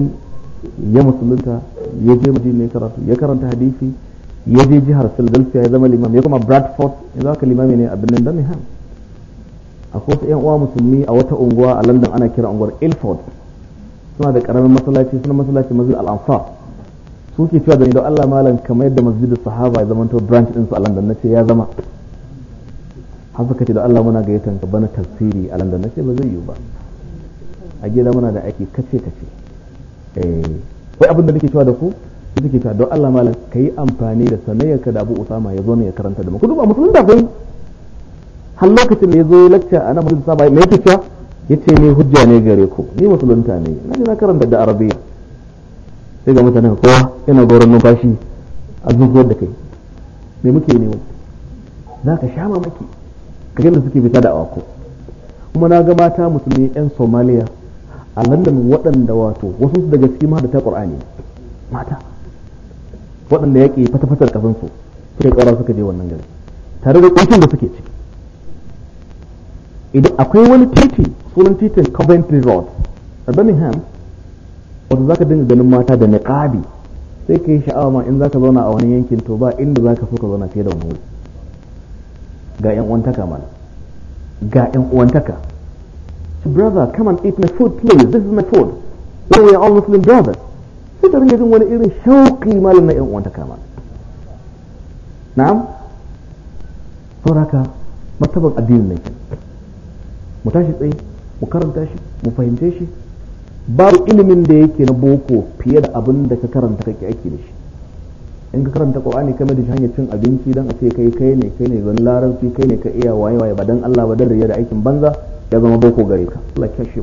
ya musulunta ya je madina ya karatu ya karanta hadisi ya je jihar philadelphia ya zama limam ya kuma bradford ya zaka limami ne a birnin birmingham akwai wasu 'yan uwa musulmi a wata unguwa a london ana kira unguwar ilford suna da karamin masallaci suna masallaci masjid al-ansar su ke cewa da ni don allah malam kamar yadda masjidin sahaba ya to branch din su a london na ce ya zama har suka ce da allah muna gayyatan ka bana tafsiri a london na ce ba zai yiwu ba a gida muna da aiki kace kace eh wai abin da nake cewa da ku suke cewa don allah malam ka yi amfani da sanayyar ka da abu usama ya zo ne ya karanta da mu ku duba musulun da kun har lokacin da ya zo lakca a nan mutunta bai mai tafiya ya ce ni hujja ne gare ku ni musulunta ne na ji na karanta da arabiya sai ga mutane kowa yana goron numfashi a zuzuwar da kai me muke ne za ka sha mamaki ka da suke fita da awako kuma na ga mata musulmi yan somaliya a london waɗanda wato wasu su daga cikin mahadata ƙur'ani mata waɗanda yaƙi fata-fatar kafinsu suka ƙwara suka je wannan gari tare da ƙunshin da suke ciki idan akwai wani titi sunan titin coventry road a birmingham wato zaka dinga ganin mata da niqabi sai ka yi sha'awa ma in za ka zauna a wani yankin to ba inda zaka so ka zauna fiye da wani wuri ga yan uwantaka mana ga yan uwantaka brother come and eat my food please this is my food so we are all muslim brothers sai ka dinga jin wani irin shauƙi malam na yan uwantaka mana na'am saboda haka addinin ne mu tashi tsaye mu karanta shi mu fahimce shi babu ilimin da yake na boko fiye da abin da ka karanta kake aiki da shi in ka karanta qur'ani kamar da hanyar cin abinci dan a ce kai kai ne kai ne zan larabci kai ne ka iya waye waye ba dan Allah ba dan riya da aikin banza ya zama boko gare ka Allah ya kashe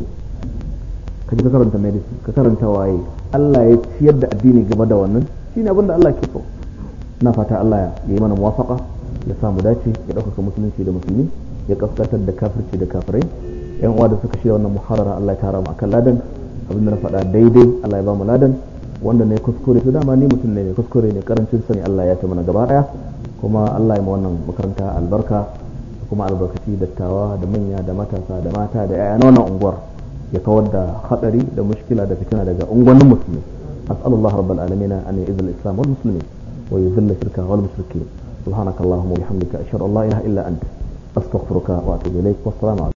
ka ji ka karanta medicine ka karanta waye Allah ya ciyar da addini gaba da wannan shine abin da Allah ke so na fata Allah ya yi mana muwafaqa ya samu dace ya dauka musulunci da musulmi ya kaskatar da kafirci da kafirai yan uwa da suka shirya wannan muharara Allah ya tara mu akan ladan abin da na faɗa daidai Allah ya ba mu ladan wanda ne kuskure su dama ni mutum ne mai kuskure ne karancin sani Allah ya ta mana gaba daya kuma Allah ya ma wannan makaranta albarka kuma albarkaci dattawa da manya da matasa da mata da yaya na wannan unguwar ya kawar da hadari da mushkila da fitina daga unguwannin musulmi as'alullahu rabbal alamin an yu'izza al-islam wal muslimin wa yuzilla shirka wal mushrikin subhanakallahumma wa bihamdika ashhadu an la أستغفرك وأتوب إليك والسلام عليكم